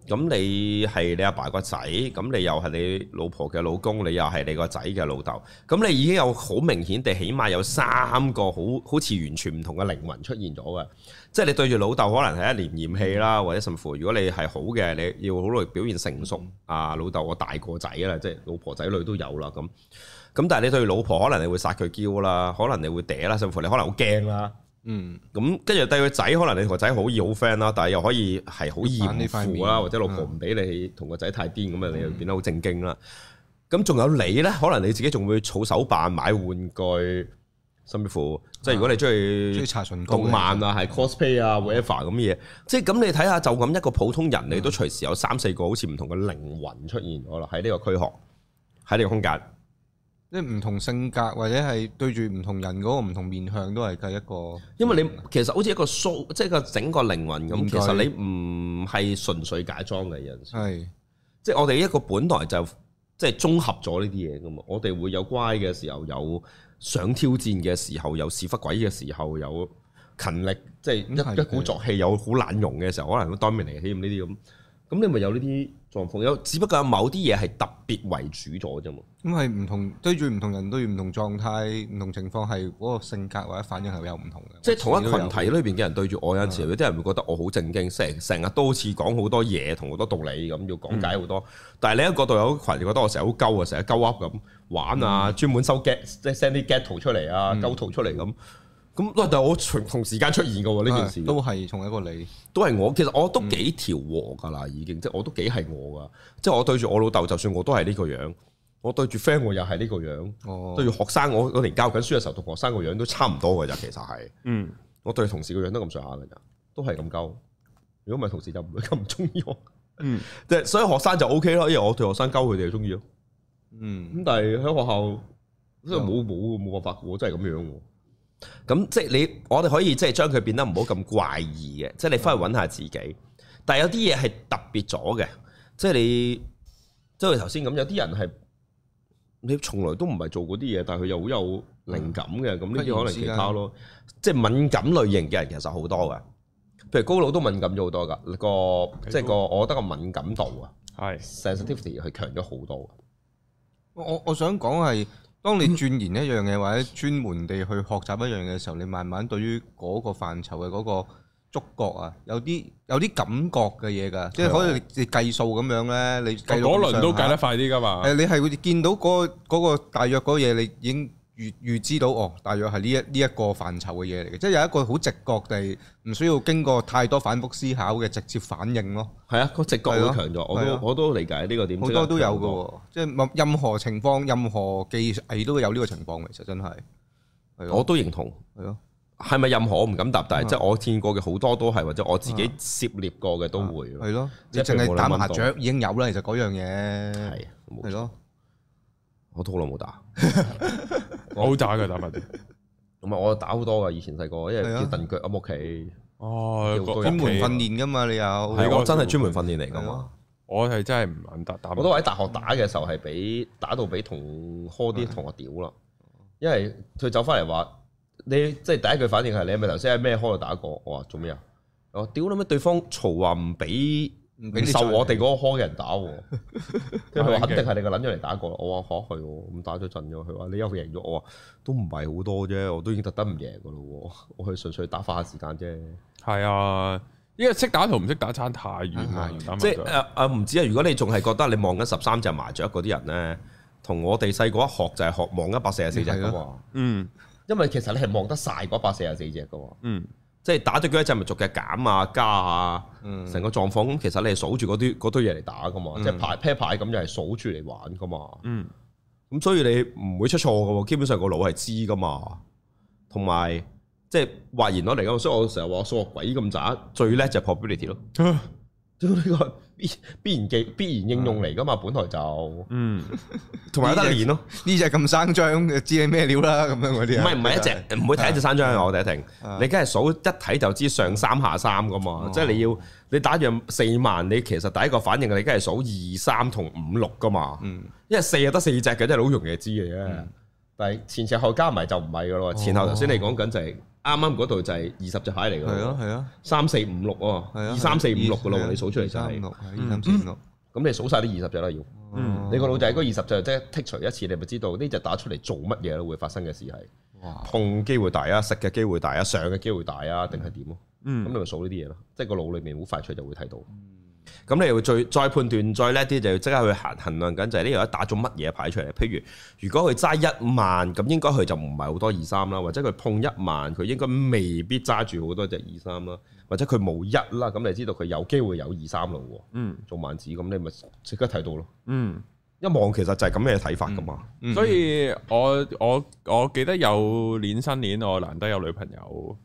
咁你係你阿爸個仔，咁你又係你老婆嘅老公，你又係你個仔嘅老豆。咁你已經有好明顯地，起碼有三個好好似完全唔同嘅靈魂出現咗嘅。即係你對住老豆，可能係一連嫌棄啦，或者甚至乎，如果你係好嘅，你要好耐表現成熟。啊，老豆我大個仔啦，即係老婆仔女都有啦咁。咁但係你對老婆可，可能你會殺佢嬌啦，可能你會嗲啦，甚至乎你可能好驚啦。嗯，咁跟住對個仔，可能你同個仔好易好 friend 啦，但係又可以係好嚴父啦，或者老婆唔俾你同個仔太癲，咁樣、嗯、你又變得好正經啦。咁仲、嗯、有你咧，可能你自己仲會儲手辦、買玩具，甚至乎、啊、即係如果你中意查唇動漫啊、cosplay 啊、cosplay, whatever 咁嘅嘢、嗯，嗯、即係咁你睇下，就咁一個普通人，你都隨時有三四個好似唔同嘅靈魂出現，咗啦喺呢個軀殼，喺呢個空間。即係唔同性格或者係對住唔同人嗰個唔同面向都係計一個，因為你其實好似一個 show，即係個整個靈魂咁。該其實你唔係純粹假裝嘅人，陣是即係我哋一個本來就即、是、係、就是、綜合咗呢啲嘢嘅嘛。我哋會有乖嘅時候，有想挑戰嘅時候，有屎忽鬼嘅時候，有勤力，即係一的一鼓作氣，有好懶容嘅時候，可能當面嚟起咁呢啲咁。咁你咪有呢啲。狀況有，只不過有某啲嘢係特別為主咗啫嘛。因為唔同對住唔同人，對住唔同狀態、唔同情況，係嗰個性格或者反應係會有唔同嘅。即係同一群體裏邊嘅人對住我有陣時，有啲人會覺得我好正經，成成日都好似講好多嘢同好多道理咁要講解好多。嗯、但係另一,一個隊群，你覺得我成日好鳩啊，成日鳩噏咁玩啊，嗯、專門收 get 即係 send 啲 get 圖出嚟啊，鳩、嗯、圖出嚟咁。咁，但係我同同時間出現嘅喎呢件事，都係從一個你，都係我。其實我都幾調和噶啦，已經即係我都幾係我噶。即係我對住我老豆，就算我都係呢個樣；我對住 friend，我又係呢個樣。對住學生，我我連教緊書嘅時候同學生個樣都差唔多嘅咋。其實係，嗯，我對同事個樣都咁上下嘅咋，都係咁溝。如果唔係同事就唔會咁中意我。嗯，即係所以學生就 O K 咯，因為我對學生溝佢哋又中意咯。嗯，咁但係喺學校，即係冇冇冇辦法喎，真係咁樣喎。咁即係你，我哋可以即係將佢變得唔好咁怪異嘅，即係你翻去揾下自己。但係有啲嘢係特別咗嘅，即係你即係頭先咁，有啲人係你從來都唔係做嗰啲嘢，但係佢又好有靈感嘅，咁呢啲可能其他咯。即係、嗯、敏感類型嘅人其實好多噶，譬如高佬都敏感咗好多噶，個即係個我覺得個敏感度啊，係是 sensitivity 係強咗好多我。我我想講係。當你鑽研一樣嘢，或者專門地去學習一樣嘢嘅時候，你慢慢對於嗰個範疇嘅嗰個觸覺啊，有啲有啲感覺嘅嘢㗎，的即係好似你計數咁樣咧，你計嗰輪都計得快啲㗎嘛？誒，你係會見到嗰個、嗰個、嗰個大約嗰個嘢，你已經，預預知到哦，大約係呢一呢一個範疇嘅嘢嚟嘅，即係有一個好直覺地，唔需要經過太多反覆思考嘅直接反應咯。係啊，個直覺好強咗，我都我都理解呢個點。好多都有㗎喎，即係任何情況、任何技術，佢都會有呢個情況。其實真係，我都認同，係咯。係咪任何？我唔敢答，但係即係我見過嘅好多都係，或者我自己涉獵過嘅都會。係咯，即係打麻雀已經有啦。其實嗰樣嘢係係咯，我都好耐冇打。我好打噶，打麻雀，同埋我打好多噶，以前細個，因為叫頓腳，我屋、啊、企哦，專門訓練噶嘛，你又係我真係專門訓練嚟噶嘛，啊、我係真係唔肯得打。打打我都喺大學打嘅時候係俾打到俾同科啲同學屌啦，啊、因為佢走翻嚟話，你即係第一句反應係你係咪頭先喺咩科度打過？我話做咩啊？我屌啦咩？對方嘈話唔俾。你受我哋嗰個坑嘅人打，即係佢話肯定係你個撚咗嚟打過。我話嚇去，咁打咗陣咗，佢話你又贏咗。我話都唔係好多啫，我都已經特登唔贏噶咯。我係純粹打發時間啫。係啊，因為識打同唔識打差太遠啦。啊、即係啊啊唔知啊。如果你仲係覺得你望緊十三隻麻雀嗰啲人咧，同我哋細個一學就係學望一百四十四隻噶嘛。嗯，因為其實你係望得晒嗰百四十四隻噶。嗯。即係打咗佢一陣、啊，咪逐日減啊加啊，成個狀況咁，其實你係數住嗰堆嘢嚟打噶嘛，嗯、即係牌 pair 牌咁，又係數住嚟玩噶嘛。嗯，咁所以你唔會出錯噶，基本上個腦係知噶嘛。同埋即係話言攞嚟講，所以我成日話我數學鬼咁渣，最叻就 probability 咯。呢個必必然嘅必然應用嚟噶嘛，本來就，嗯，同埋得連咯，呢隻咁生張，知你咩料啦咁樣嗰啲，唔係唔係一隻，唔會睇一隻生張我哋一停，你梗係數一睇就知上三下三噶嘛，即係你要你打完四萬，你其實第一個反應你梗係數二三同五六噶嘛，因為四又得四隻嘅，真係好容易知嘅啫。但係前後加埋就唔係噶咯，前後頭先你講緊就係。啱啱嗰度就係二十隻蟹嚟㗎，係啊係啊，三四五六喎，係啊，二三四五六㗎咯，你數出嚟就係、是，係啊，二三四五六，咁、嗯、你數晒啲二十隻啦，要，嗯，你個腦就係嗰二十隻，即係剔除一次，你咪知道呢隻打出嚟做乜嘢咯，會發生嘅事係，哇，碰機會大啊，食嘅機會大啊，上嘅機會大啊，定係點咯，咁、嗯、你咪數呢啲嘢咯，即係個腦裏面好快脆就會睇到。咁你又會最再判斷再叻啲，就要即刻去行衡量緊，就係呢個打咗乜嘢牌出嚟？譬如如果佢揸一萬，咁應該佢就唔係好多二三啦，或者佢碰一萬，佢應該未必揸住好多隻二三啦，或者佢冇一啦，咁你知道佢有機會有二三咯喎。嗯，做萬子咁，你咪即刻睇到咯。嗯，一望其實就係咁嘅睇法噶嘛。嗯，所以我我我記得有年新年我難得有女朋友。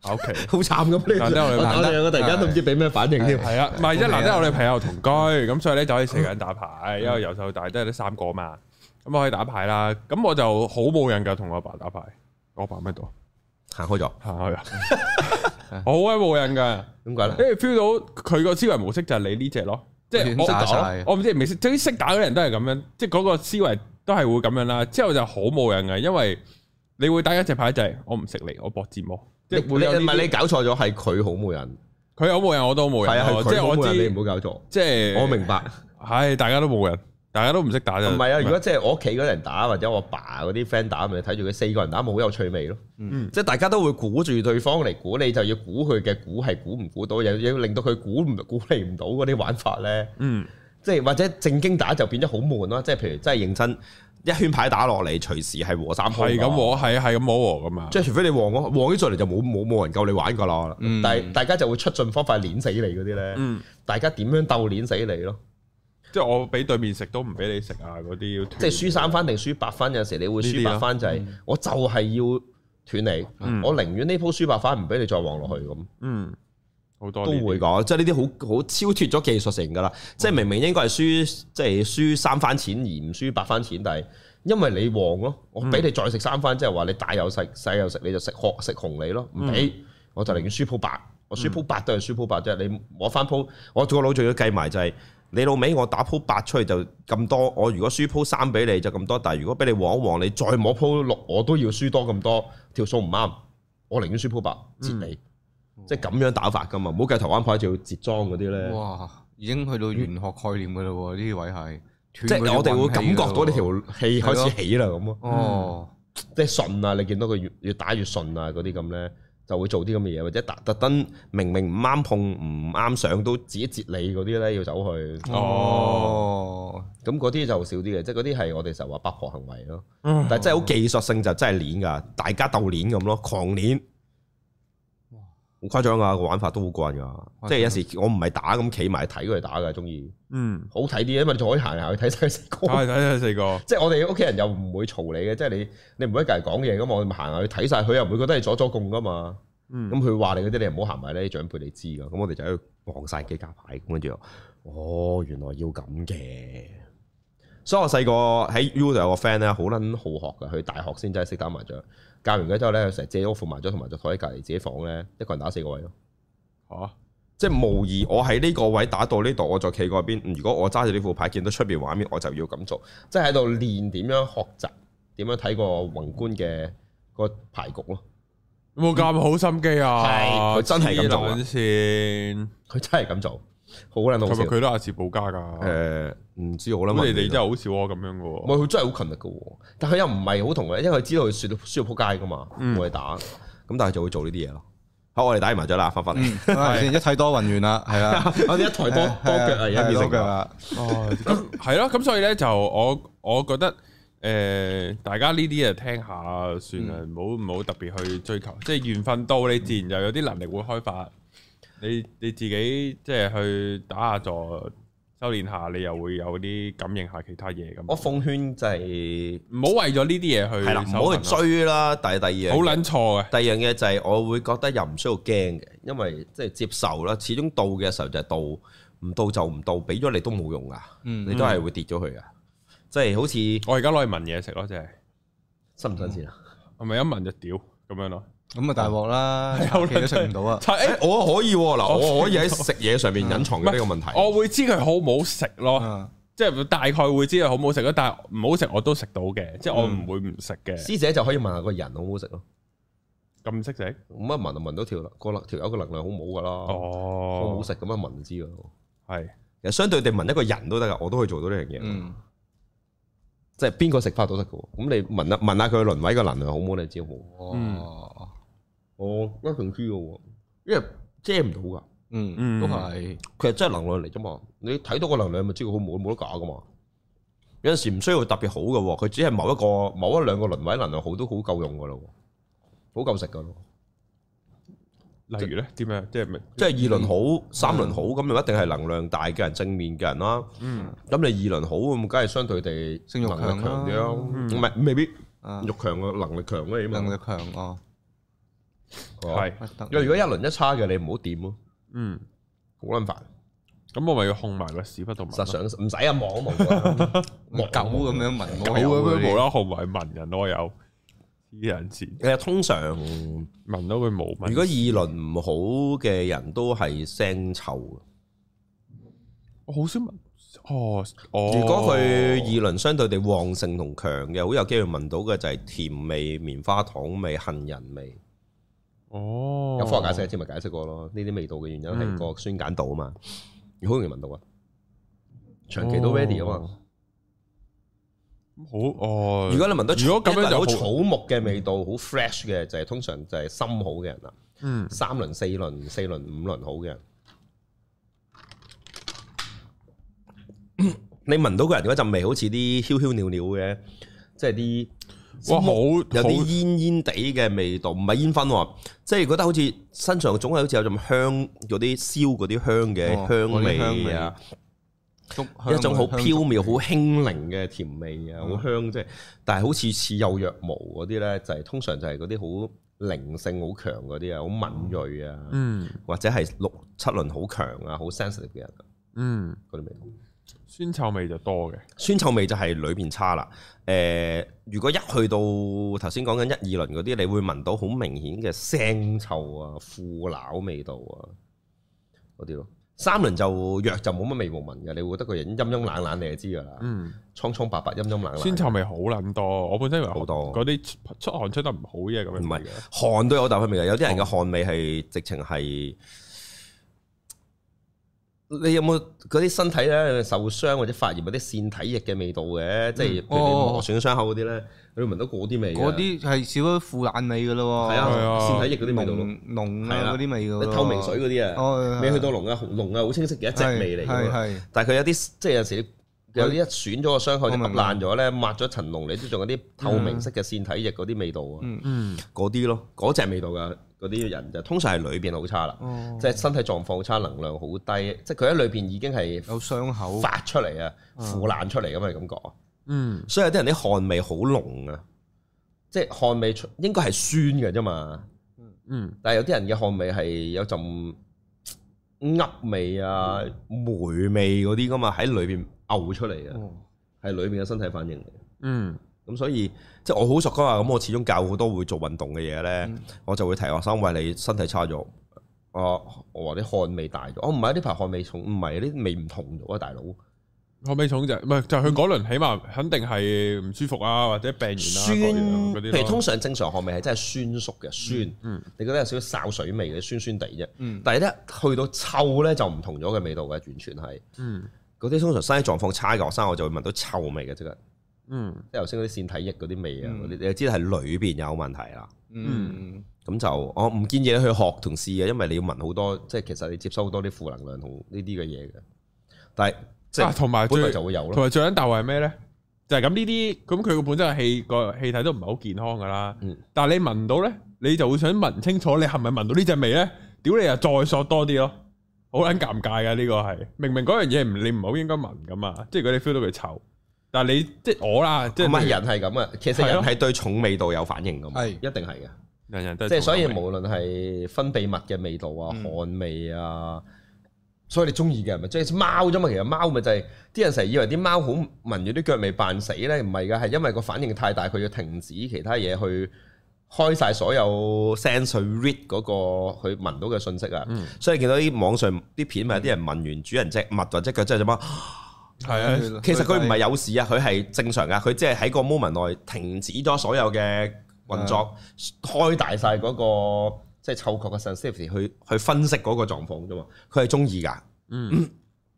好慘咁你，難得我哋難得我哋而家都唔知俾咩反應添。係啊，唔係即係難得我哋朋友同居，咁所以咧就可以四個人打牌，因為由細到大都係得三個嘛，咁我可以打牌啦。咁我就好冇癮，噶同我阿爸打牌。我阿爸喺度行開咗，行開咗。我好鬼冇癮噶點解咧？因為 feel 到佢個思維模式就係你呢隻咯，即係我我唔知未識，總之識打嘅人都係咁樣，即係嗰個思維都係會咁樣啦。之後就好冇癮噶，因為你會打一隻牌就係我唔識你，我搏自摸。即係會有啲唔係你搞錯咗，係佢好冇人，佢好冇人，我都冇人，係啊，即係我知你唔好搞錯。即係是我明白，係、哎、大家都冇人，大家都唔識打。唔係啊，如果即係我屋企嗰人打，或者我爸嗰啲 friend 打，咪睇住佢四個人打，咪好有趣味咯。嗯、即係大家都會估住對方嚟估，你就要估佢嘅估係估唔估到，又要令到佢估估嚟唔到嗰啲玩法咧。嗯，即係或者正經打就變咗好悶咯。即係譬如真係認真。一圈牌打落嚟，隨時係和三鋪，係咁和，係啊，係咁和咁啊！即係除非你和嗰和咗再嚟，就冇冇冇人夠你玩噶啦。嗯、但係大家就會出盡方法碾死你嗰啲咧。嗯、大家點樣鬥碾死你咯？即係我俾對面食都唔俾你食啊！嗰啲即係輸三分定輸八分，有時你會輸八分就係我就係要斷你。嗯、我寧願呢鋪輸八分唔俾你再旺落去咁。嗯。好多都會講，就是嗯、即係呢啲好好超脱咗技術性噶啦，即係明明應該係輸，即係輸三番錢而唔輸八番錢，但係因為你旺咯，我俾你再食三番，即係話你大又食，細又食，你就食學食紅利咯，唔俾，嗯、我就寧願輸鋪八，我輸鋪八都係輸鋪八即啫，嗯就是，你摸翻鋪，我做個腦仲要計埋就係你老味我打鋪八出去就咁多，我如果輸鋪三俾你就咁多，但係如果俾你旺一旺，你再摸鋪六，我都要輸多咁多條數唔啱，我寧願輸鋪八折你，嗯。即係咁樣打法噶嘛，唔好計台灣牌仲要截莊嗰啲咧。哇！已經去到玄學概念噶啦喎，呢、嗯、位係。即係我哋會感覺到呢條氣開始起啦咁咯。哦。嗯、即係順啊，你見到佢越越打越順啊，嗰啲咁咧就會做啲咁嘅嘢，或者特特登明明唔啱碰唔啱上都指一指你嗰啲咧要走去。走哦。咁嗰啲就少啲嘅，即係嗰啲係我哋成日話八婆行為咯。哦、但係真係好技術性就真係練㗎，大家鬥練咁咯，狂練。好誇張噶個玩法都好怪噶，啊、即係有時我唔係打咁企埋睇佢嚟打噶，中意，嗯，好睇啲，因為你仲可以行下去睇晒四個，睇晒四個，即係我哋屋企人又唔會嘈你嘅，即係你你唔可以隔籬講嘢咁，我咪行下去睇晒，佢又唔會覺得你阻咗貢噶嘛，嗯，咁佢話你嗰啲你唔好行埋咧，長輩你知噶，咁我哋就喺度望晒幾架牌，跟住，哦，原來要咁嘅，所以我細個喺 U 度有個 friend 咧，好捻好學噶，佢大學先真係識打麻雀。教完佢之後咧，成日借咗副麻雀，同埋就坐喺隔離自己房咧，一個人打四個位咯。嚇、啊！即係無疑我喺呢個位打到呢度，我再企嗰邊。如果我揸住呢副牌，見到出邊畫面，我就要咁做。即係喺度練點樣學習，點樣睇個宏觀嘅個牌局咯。有冇咁好心機啊！佢真係咁做啊！先，佢真係咁做。好難到時，佢都阿次扑家噶？誒，唔知我諗，咁你你真係好笑啊，咁樣嘅。唔係佢真係好勤力嘅，但係又唔係好同嘅，因為知道佢輸輸到扑街噶嘛，冇嘢打。咁但係就會做呢啲嘢咯。好，我哋打完麻雀啦，翻翻嚟一睇多運完啦，係啊，我哋一台多多腳係一面成腳。哦，咁係咯，咁所以咧就我我覺得誒，大家呢啲啊聽下算啦，唔好唔好特別去追求，即係緣分到你自然就有啲能力會開發。你你自己即係去打下坐，修煉下，你又會有啲感應下其他嘢咁。我奉勸就係唔好為咗呢啲嘢去，係啦，唔好去追啦。但係第二樣好捻錯嘅，第二樣嘢就係我會覺得又唔需要驚嘅，因為即係接受啦。始終到嘅時候就係到，唔到就唔到，俾咗你都冇用噶，你都係會跌咗佢噶。即係好似我而家攞去聞嘢食咯，即係新唔新鮮啊？我咪一聞就屌咁樣咯。咁啊大鑊啦，係有都食唔到啊！誒，我可以嗱，我可以喺食嘢上面隱藏咗呢個問題。我會知佢好唔好食咯，即係大概會知佢好唔好食咯。但係唔好食我都食到嘅，即係我唔會唔食嘅。師姐就可以問下個人好唔好食咯。咁識食咁啊？聞聞到條啦，個條友個能量好唔好噶啦。哦，好唔好食咁啊？聞知咯，係。其實相對地，聞一個人都得噶，我都可以做到呢樣嘢。即係邊個食法都得噶，咁你聞啊，聞下佢嘅輪位個能量好唔好你知。哦。哦，一定知嘅喎，因為遮唔到噶，嗯嗯，都係，其實真係能量嚟啫嘛。你睇到個能量咪知道佢冇冇得假嘅嘛。有陣時唔需要特別好嘅，佢只係某一個某一兩個輪位能量好都好夠用嘅咯，好夠食嘅咯。例如咧，點樣即係即係二輪好，三輪好咁，就一定係能量大嘅人、正面嘅人啦。嗯，咁你二輪好咁，梗係相對地升能力強嘅咯。唔係，未必，肉強嘅能力強能力強哦。係，你好、啊、是如果一輪一差嘅，你唔好掂咯。嗯，好撚煩。咁、嗯、我咪要控埋個屎忽同實上唔使啊，望一望，望狗咁樣聞，冇啦、啊，控埋聞人我有啲人字。誒，通常聞到佢冇聞。如果二輪唔好嘅人都係聲臭。我好少聞哦。如果佢二輪相對地旺盛同強嘅，好有機會聞到嘅就係甜味、棉花糖味、杏仁味。哦，有科學解釋之前咪解釋過咯，呢啲味道嘅原因係個酸鹼度啊嘛，好、嗯、容易聞到啊，哦、長期都 ready 啊嘛，好哦。如果你聞到如果咁樣就有草木嘅味道，好 fresh 嘅就係、係、通常就係心好嘅人啦。嗯、三輪四輪四輪五輪好嘅人、嗯，你聞到個人嗰陣味好似啲囂囂裊裊嘅，即係啲。哇，好有啲煙煙地嘅味道，唔係煙熏，即係覺得好似身上總係好似有種香，嗰啲燒嗰啲香嘅香味啊，一種好飄渺、好輕靈嘅甜味啊，好香，即係，但係好似似有若無嗰啲咧，就係通常就係嗰啲好靈性、好強嗰啲啊，好敏銳啊，嗯，或者係六七輪好強啊，好 sensitive 嘅人，嗯，嗰啲味道。酸臭味就多嘅，酸臭味就係裏邊差啦。誒、呃，如果一去到頭先講緊一二輪嗰啲，你會聞到好明顯嘅腥臭啊、腐朽味道啊嗰啲咯。三輪就弱，就冇乜味無聞嘅，你會覺得個人陰陰冷冷，你就知㗎啦。嗯，蒼蒼白白，陰陰冷冷。酸臭味好撚多，我本身以為好多。嗰啲出汗出得唔好嘅咁樣。唔係多，汗都有大分別，有啲人嘅汗味係、嗯嗯、直情係。你有冇嗰啲身體咧受傷或者發炎嗰啲腺體液嘅味道嘅？即係譬如你磨損傷口嗰啲咧，你聞到嗰啲味？嗰啲係少咗腐爛味噶咯喎。係啊，腺體液嗰啲味道咯，濃啊嗰啲味㗎喎。透明水嗰啲啊，你去到濃啊，濃啊好清晰嘅一隻味嚟。嘅。但係佢有啲即係有時有啲一損咗個傷口就爛咗咧，抹咗一層濃你都仲有啲透明色嘅腺體液嗰啲味道啊。嗰啲咯，嗰隻味道㗎。嗰啲人就通常係裏邊好差啦，哦、即係身體狀況好差，能量好低，嗯、即係佢喺裏邊已經係有傷口發出嚟啊，腐爛出嚟咁嘅感覺啊。嗯，所以有啲人啲汗味好濃啊，即係汗味出應該係酸嘅啫嘛。嗯，但係有啲人嘅汗味係有陣噏、呃、味啊、霉、嗯、味嗰啲噶嘛，喺裏邊嘔出嚟啊，係裏邊嘅身體反應嚟嗯。嗯。咁所以即係我好熟噶嘛，咁我始終教好多會做運動嘅嘢咧，嗯、我就會提學生話你身體差咗，啊，我我話啲汗味大咗，我唔係呢排汗味重，唔係啲味唔同咗啊，大佬汗味重就唔係就係佢嗰輪起碼肯定係唔舒服啊或者病完啊嗰啲，酸譬如通常正常汗味係真係酸熟嘅，嗯、酸，嗯、你覺得有少少潲水味嘅酸酸地啫，嗯、但係咧去到臭咧就唔同咗嘅味道嘅，完全係，嗯，嗰啲，嗯、通常身體狀況差嘅學生我就會聞到臭味嘅即係。嗯，即係頭先嗰啲腺體液嗰啲味啊，你、嗯、你就知係裏邊有問題啦。嗯，咁、嗯、就我唔建議你去學同試嘅，因為你要聞好多，即係其實你接收好多啲負能量同呢啲嘅嘢嘅。但係、啊、即係同埋本來就會有咯。同埋最緊大係咩咧？就係咁呢啲，咁佢個本身個氣,氣體都唔係好健康噶啦。嗯、但係你聞到咧，你就會想聞清楚，你係咪聞到呢隻味咧？屌你啊！再索多啲咯，好撚尷尬嘅呢個係，明明嗰樣嘢唔你唔好應該聞噶嘛，即係嗰啲 feel 到佢臭。但你即我啦，即係人係咁啊，的其實人係對重味道有反應噶嘛，係的一定係噶，人人都即係，所以無論係分泌物嘅味道啊、嗯、汗味啊，所以你中意嘅係咪即係貓啫嘛？其實貓咪就係、是、啲人成日以為啲貓好聞完啲腳味扮死咧，唔係噶，係因為個反應太大，佢要停止其他嘢去開晒所有 sense 去 read 嗰個佢聞到嘅信息啊。嗯、所以見到啲網上啲片咪有啲人聞完主人隻物或者腳之後就乜？係啊、嗯，其實佢唔係有事啊，佢係正常噶，佢即係喺個 moment 內停止咗所有嘅運作，是的 開大晒嗰、那個即係嗅覺嘅 sensitivity 去去分析嗰個狀況啫嘛。佢係中意噶，嗯，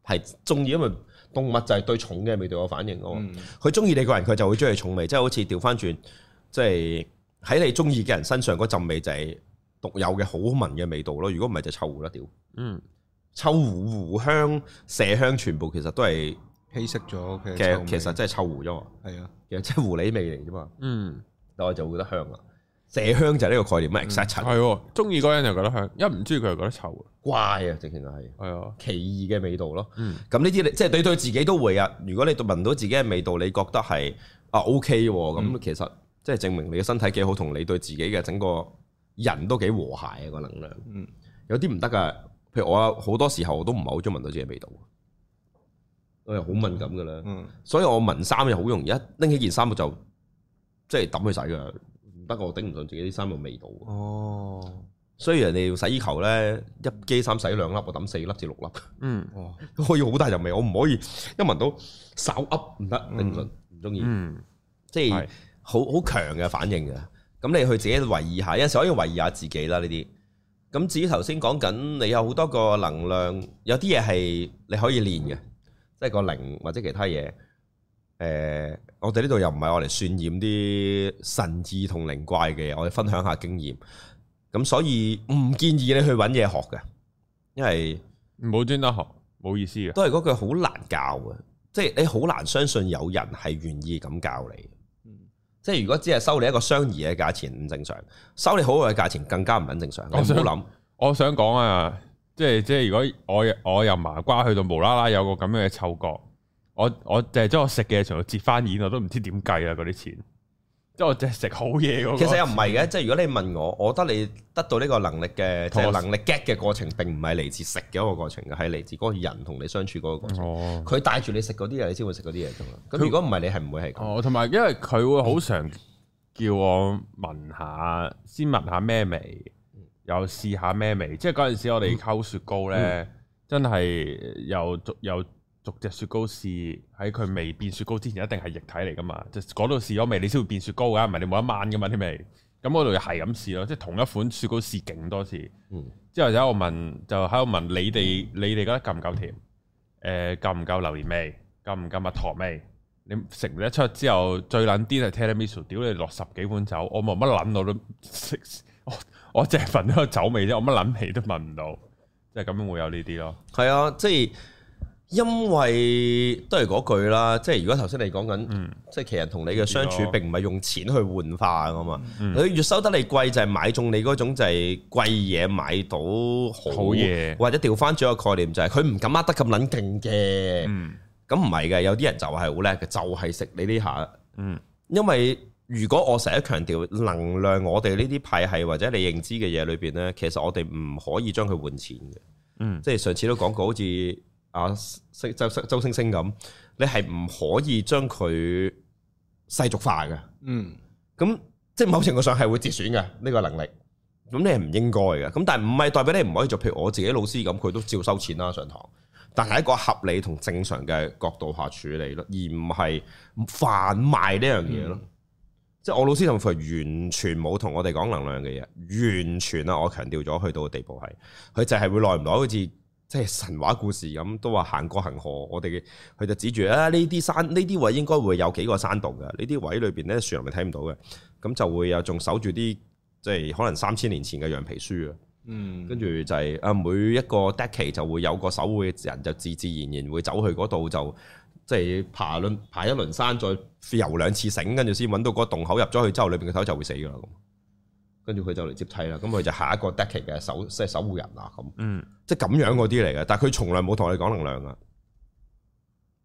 係中意，因為動物就係對重嘅味道有反應噶。佢中意你個人，佢就會中意重味，即、就、係、是、好似調翻轉，即係喺你中意嘅人身上嗰陣味就係獨有嘅好聞嘅味道咯。如果唔係就是臭狐啦屌。嗯臭，臭狐狐香麝香全部其實都係。稀釋咗，其實其實真係臭狐啫。係啊，其實真係狐狸味嚟啫嘛，嗯，但我就覺得香啊，麝香就係呢個概念咩？exactly 係喎，中意嗰個人就覺得香，一唔中意佢就覺得臭啊，怪啊，直情就係，係啊，奇異嘅味道咯，嗯，咁呢啲即係你對自己都會啊，如果你聞到自己嘅味道，你覺得係啊 OK 喎，咁其實即係證明你嘅身體幾好，同你對自己嘅整個人都幾和諧啊個能量，嗯，有啲唔得噶，譬如我好多時候我都唔係好中意聞到自己嘅味道。我又好敏感噶啦，嗯、所以我聞衫又好容易，一拎起件衫我就即係抌佢洗噶。不過我頂唔順自己啲衫個味道。哦，所以人哋用洗衣球咧，一機衫洗兩粒，我抌四粒至六粒。嗯，可以好大陣味，我唔可以一聞到手噏唔得，唔順，唔中意。嗯，即係好好強嘅反應嘅。咁你去自己留意一下，有陣時留意下自己啦呢啲。咁至於頭先講緊，你有好多個能量，有啲嘢係你可以練嘅。嗯嗯即係個靈或者其他嘢，誒、呃，我哋呢度又唔係我嚟渲染啲神異同靈怪嘅嘢，我哋分享下經驗。咁所以唔建議你去揾嘢學嘅，因為唔好專登學冇意思嘅。都係嗰句好難教嘅，即係你好難相信有人係願意咁教你。即係如果只係收你一個相宜嘅價錢唔正常，收你好嘅價錢更加唔穩正常。想我想諗，我想講啊。即係即係，如果我我由麻瓜去到無啦啦有個咁樣嘅嗅覺，我我就係將我食嘅嘢全部折翻轉，我都唔知點計啊嗰啲錢。即係我淨係食好嘢。其實又唔係嘅，即係如果你問我，我覺得你得到呢個能力嘅，即係能力 get 嘅過程，並唔係嚟自食嘅一個過程，係嚟自嗰個人同你相處嗰個過程。哦。佢帶住你食嗰啲嘢，你先會食嗰啲嘢噶嘛。咁如果唔係，你係唔會係咁。哦，同埋因為佢會好常叫我聞下，先聞下咩味。又試下咩味？即係嗰陣時，我哋溝雪糕咧，嗯、真係又逐又逐隻雪糕試，喺佢未變雪糕之前，一定係液體嚟噶嘛。就嗰度試咗味，你先會變雪糕噶，唔係你冇得慢噶嘛啲味。咁嗰度又係咁試咯，即係同一款雪糕試勁多次。嗯、之後就我問，就喺度問你哋，你哋覺得夠唔夠甜？誒、呃、夠唔夠榴蓮味？夠唔夠蜜糖味，味？你食唔得出之後，最撚癲係 tell 你 Misu，屌你落十幾碗酒，我冇乜撚到都食。 我淨係瞓到個酒味啫，我乜諗起都聞唔到，即係咁樣會有呢啲咯。係啊，即係因為都係嗰句啦，即係如果頭先你講緊，嗯、即係其實同你嘅相處並唔係用錢去換化噶嘛。佢、嗯嗯、越收得你貴就係買中你嗰種就係貴嘢買到好嘢，或者調翻轉個概念就係佢唔敢呃得咁捻勁嘅。咁唔係嘅，有啲人就係好叻嘅，就係、是、食你呢下。嗯，因為。如果我成日強調能量，我哋呢啲派系或者你認知嘅嘢裏邊咧，其實我哋唔可以將佢換錢嘅，嗯，即係上次都講過，好似啊星周周星星咁，你係唔可以將佢世俗化嘅，嗯，咁即係某程度上係會折損嘅呢個能力，咁你係唔應該嘅，咁但係唔係代表你唔可以做，譬如我自己老師咁，佢都照收錢啦上堂，但係喺個合理同正常嘅角度下處理咯，而唔係販賣呢樣嘢咯。嗯。即係我老師同佢完全冇同我哋講能量嘅嘢，完全啊！我強調咗去到嘅地步係，佢就係會耐唔耐好似即係神話故事咁，都話行過恆河。我哋嘅，佢就指住啊，呢啲山呢啲位應該會有幾個山洞嘅，裡呢啲位裏邊咧樹林咪睇唔到嘅，咁就、嗯就是啊、就會有仲守住啲即係可能三千年前嘅羊皮書啊，嗯，跟住就係啊每一個 decade 就會有個守護嘅人就自自然然會走去嗰度就。即係爬輪爬一輪山，再游兩次繩，跟住先揾到嗰個洞口入咗去之後，裏邊個頭就會死噶啦。咁，跟住佢就嚟接替啦。咁佢就下一個 deck 嘅守，守護、啊嗯、即係守護人啦。咁，嗯，即係咁樣嗰啲嚟嘅。但係佢從來冇同你哋講能量啊，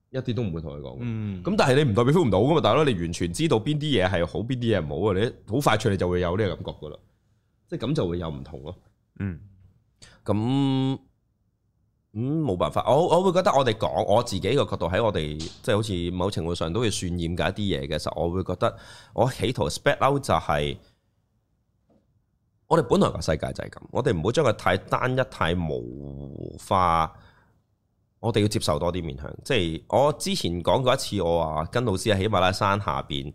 一啲都唔會同你講。咁、嗯、但係你唔代表 feel 唔到噶嘛？大佬，你完全知道邊啲嘢係好，邊啲嘢唔好啊。你好快脆，你就會有呢個感覺噶啦。即係咁就會有唔同咯。嗯，咁。咁冇、嗯、辦法，我我會覺得我哋講我自己個角度喺我哋，即、就、係、是、好似某程度上都會酸厭㗎一啲嘢嘅時候，我會覺得我企圖 spread out 就係我哋本來個世界就係咁，我哋唔好將佢太單一、太模糊化，我哋要接受多啲面向。即、就、係、是、我之前講過一次，我話跟老師喺喜馬拉山下邊。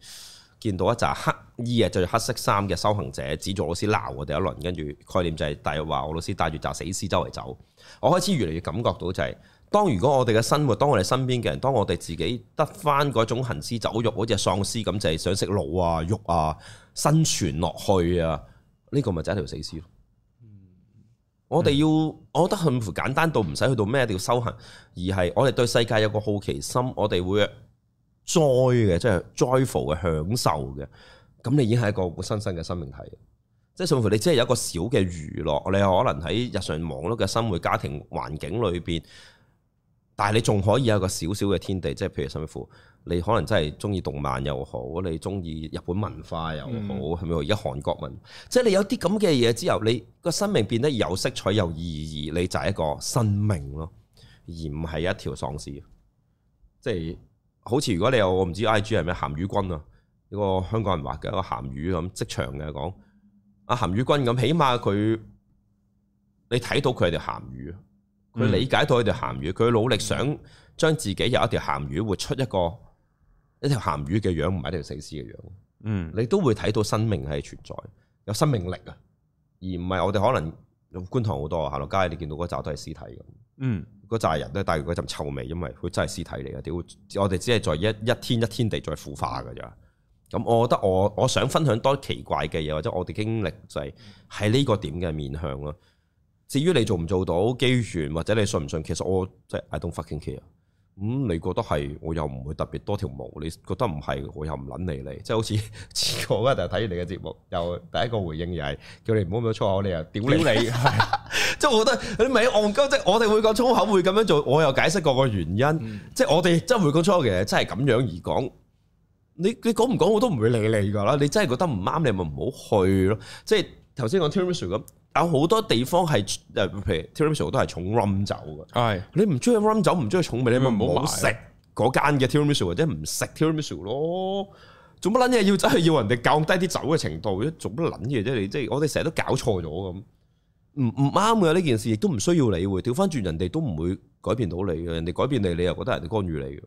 見到一紮黑衣啊，就係黑色衫嘅修行者指住老師鬧我哋一輪，跟住概念就係大約話我老師帶住紮死屍周圍走。我開始越嚟越感覺到就係、是，當如果我哋嘅生活，當我哋身邊嘅人，當我哋自己得返嗰種行屍走肉，好似喪屍咁，就係、是、想食腦啊、肉啊、生存落去啊，呢、這個咪就係一條死屍咯。嗯、我哋要，我覺得幸福簡單到唔使去到咩，一定要修行，而係我哋對世界有個好奇心，我哋會。joy 嘅，即係 joyful 嘅、享受嘅，咁你已經係一個新新嘅生命體。即係，甚至乎你即係有一個小嘅娛樂，你可能喺日常忙碌嘅生活、家庭環境裏邊，但係你仲可以有個小小嘅天地。即係，譬如甚至你可能真係中意動漫又好，你中意日本文化又好，係咪？嗯？而家韓國文，即係你有啲咁嘅嘢之後，你個生命變得有色彩、有意義，你就係一個生命咯，而唔係一條喪屍。即係。好似如果你有我唔知 I G 係咩鹹魚君啊，呢個香港人畫嘅一個鹹魚咁，職場嘅講，阿鹹魚君咁，起碼佢你睇到佢係條鹹魚，佢理解到佢條鹹魚，佢努力想將自己有一條鹹魚，活出一個一條鹹魚嘅樣，唔係一條死屍嘅樣。嗯，你都會睇到生命係存在，有生命力啊，而唔係我哋可能用觀塘好多行落街，你見到嗰扎都係屍體咁。嗯。嗰扎人咧帶住嗰陣臭味，因為佢真係屍體嚟嘅。屌，我哋只係在一一天一天地在腐化嘅咋，咁我覺得我我想分享多啲奇怪嘅嘢，或者我哋經歷就係喺呢個點嘅面向咯。至於你做唔做到機緣，或者你信唔信，其實我即係 I Don't Fucking Care。咁你覺得係，我又唔會特別多條毛。你覺得唔係，我又唔撚理你。即係好似次個就睇你嘅節目，又第一個回應又係叫你唔好咁樣粗口，你又屌你。即係我覺得你咪我唔該，即係我哋會講粗口，會咁樣做。我又解釋過個原因，即係我哋真係會講粗口嘅，真係咁樣而講。你你講唔講我都唔會理你噶啦。你真係覺得唔啱，你咪唔好去咯。即係頭先講 ter 咁。有好多地方係誒，譬如 Tiramisu 都係重 rum 酒嘅。係的你唔中意 rum 酒，唔中意重味，你咪唔好食嗰間嘅 Tiramisu 或者唔食 Tiramisu 咯。做乜撚嘢要真係要人哋降低啲酒嘅程度？做乜撚嘢啫？你即係我哋成日都搞錯咗咁，唔唔啱嘅呢件事，亦都唔需要理會。調翻轉人哋都唔會改變到你嘅，人哋改變你，你又覺得人哋干預你嘅。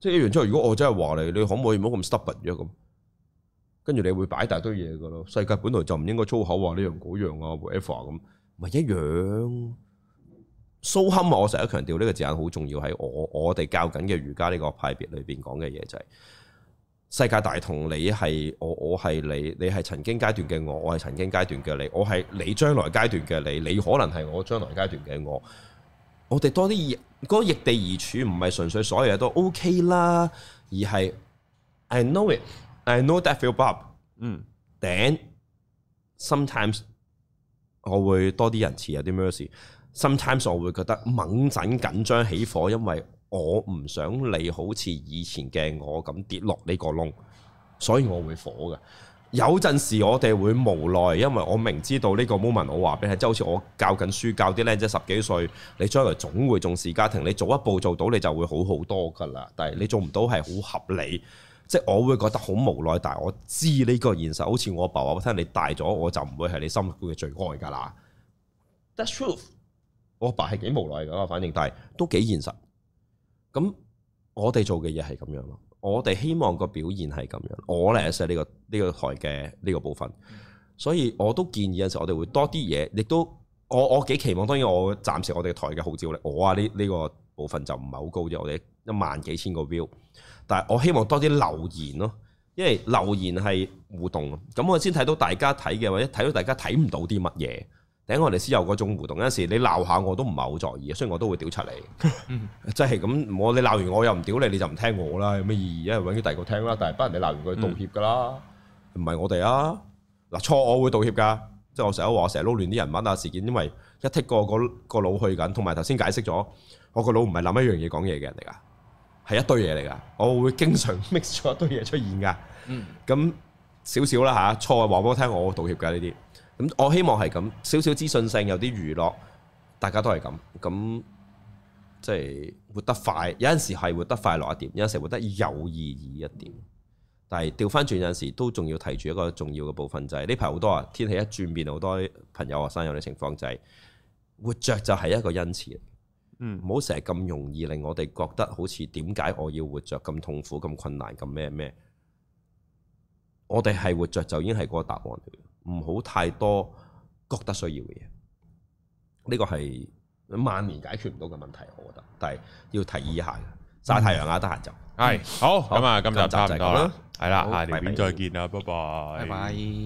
即係一樣即係，如果我真係話你，你可唔可以唔好咁 stubborn 咁？跟住你會擺大堆嘢㗎囉。世界本來就唔應該粗口話呢樣嗰樣啊，whatever 咁，咪一樣。蘇堪啊，so、humble，我成日強調呢個字眼好重要，喺我我哋教緊嘅瑜伽呢個派別裏邊講嘅嘢就係、是、世界大同你，你係我，我係你，你係曾經階段嘅我，我係曾經階段嘅你，我係你將來階段嘅你，你可能係我將來階段嘅我。我哋多啲易嗰易地而處，唔係純粹所有嘢都 OK 啦，而係 I know it。但 know that feel bad，嗯，頂。Sometimes 我會多啲仁慈有啲 mercy。Sometimes 我會覺得猛陣緊張起火，因為我唔想你好似以前嘅我咁跌落呢個窿，所以我會火嘅。有陣時我哋會無奈，因為我明知道呢個 moment 我話俾你，即、就是、好似我教緊書教啲僆仔十幾歲，你將來總會重視家庭，你做一步做到你就會好好多噶啦。但係你做唔到係好合理。即係我會覺得好無奈，但係我知呢個現實，好似我爸話：我聽你大咗，我就唔會係你心目嘅最愛㗎啦。That's truth。我爸係幾無奈㗎，反正，但係都幾現實。咁我哋做嘅嘢係咁樣咯。我哋希望個表現係咁樣。我咧係呢個呢個台嘅呢個部分，所以我都建議有時我哋會多啲嘢。亦都我我幾期望。當然，我暫時我哋台嘅號召力，我啊呢呢個部分就唔係好高啫。我哋一萬幾千個 view。但係我希望多啲留言咯，因為留言係互動啊，咁我先睇到大家睇嘅，或者睇到大家睇唔到啲乜嘢，等我哋先有嗰種互動。有陣時你鬧下我都唔係好在意，所以我都會屌出嚟。嗯，真係咁，我你鬧完我又唔屌你，你就唔聽我啦，有咩意義啊？揾啲第二個聽啦，但係不人哋鬧完佢道歉噶啦，唔係、嗯、我哋啊。嗱，錯我會道歉噶，即係我成日都話我成日撈亂啲人物啊事件，因為一剔過個個腦去緊，同埋頭先解釋咗，我個腦唔係諗一樣嘢講嘢嘅人嚟噶。係一堆嘢嚟㗎，我會經常 mix 咗一堆嘢出現㗎。咁少少啦吓，錯話俾我聽，我道歉㗎呢啲。咁我希望係咁少少資訊性，有啲娛樂，大家都係咁。咁即係活得快，有陣時係活得快樂一啲，有陣時活得有意義一啲。但係掉返轉有陣時都仲要提住一個重要嘅部分，就係呢排好多啊，天氣一轉變好多朋友學生有啲情況就係活着就係一個恩賜。嗯，唔好成日咁容易令我哋覺得好似點解我要活着咁痛苦、咁困難、咁咩咩？我哋係活着就已經係個答案嚟，唔好太多覺得需要嘅嘢。呢、呢個係萬年解決唔到嘅問題，我覺得，但係要提議一下。曬太陽啊，得閒就係好咁啊，嗯、好今日就差唔多啦，係啦，下年再見啊，吧好拜拜。拜拜拜拜。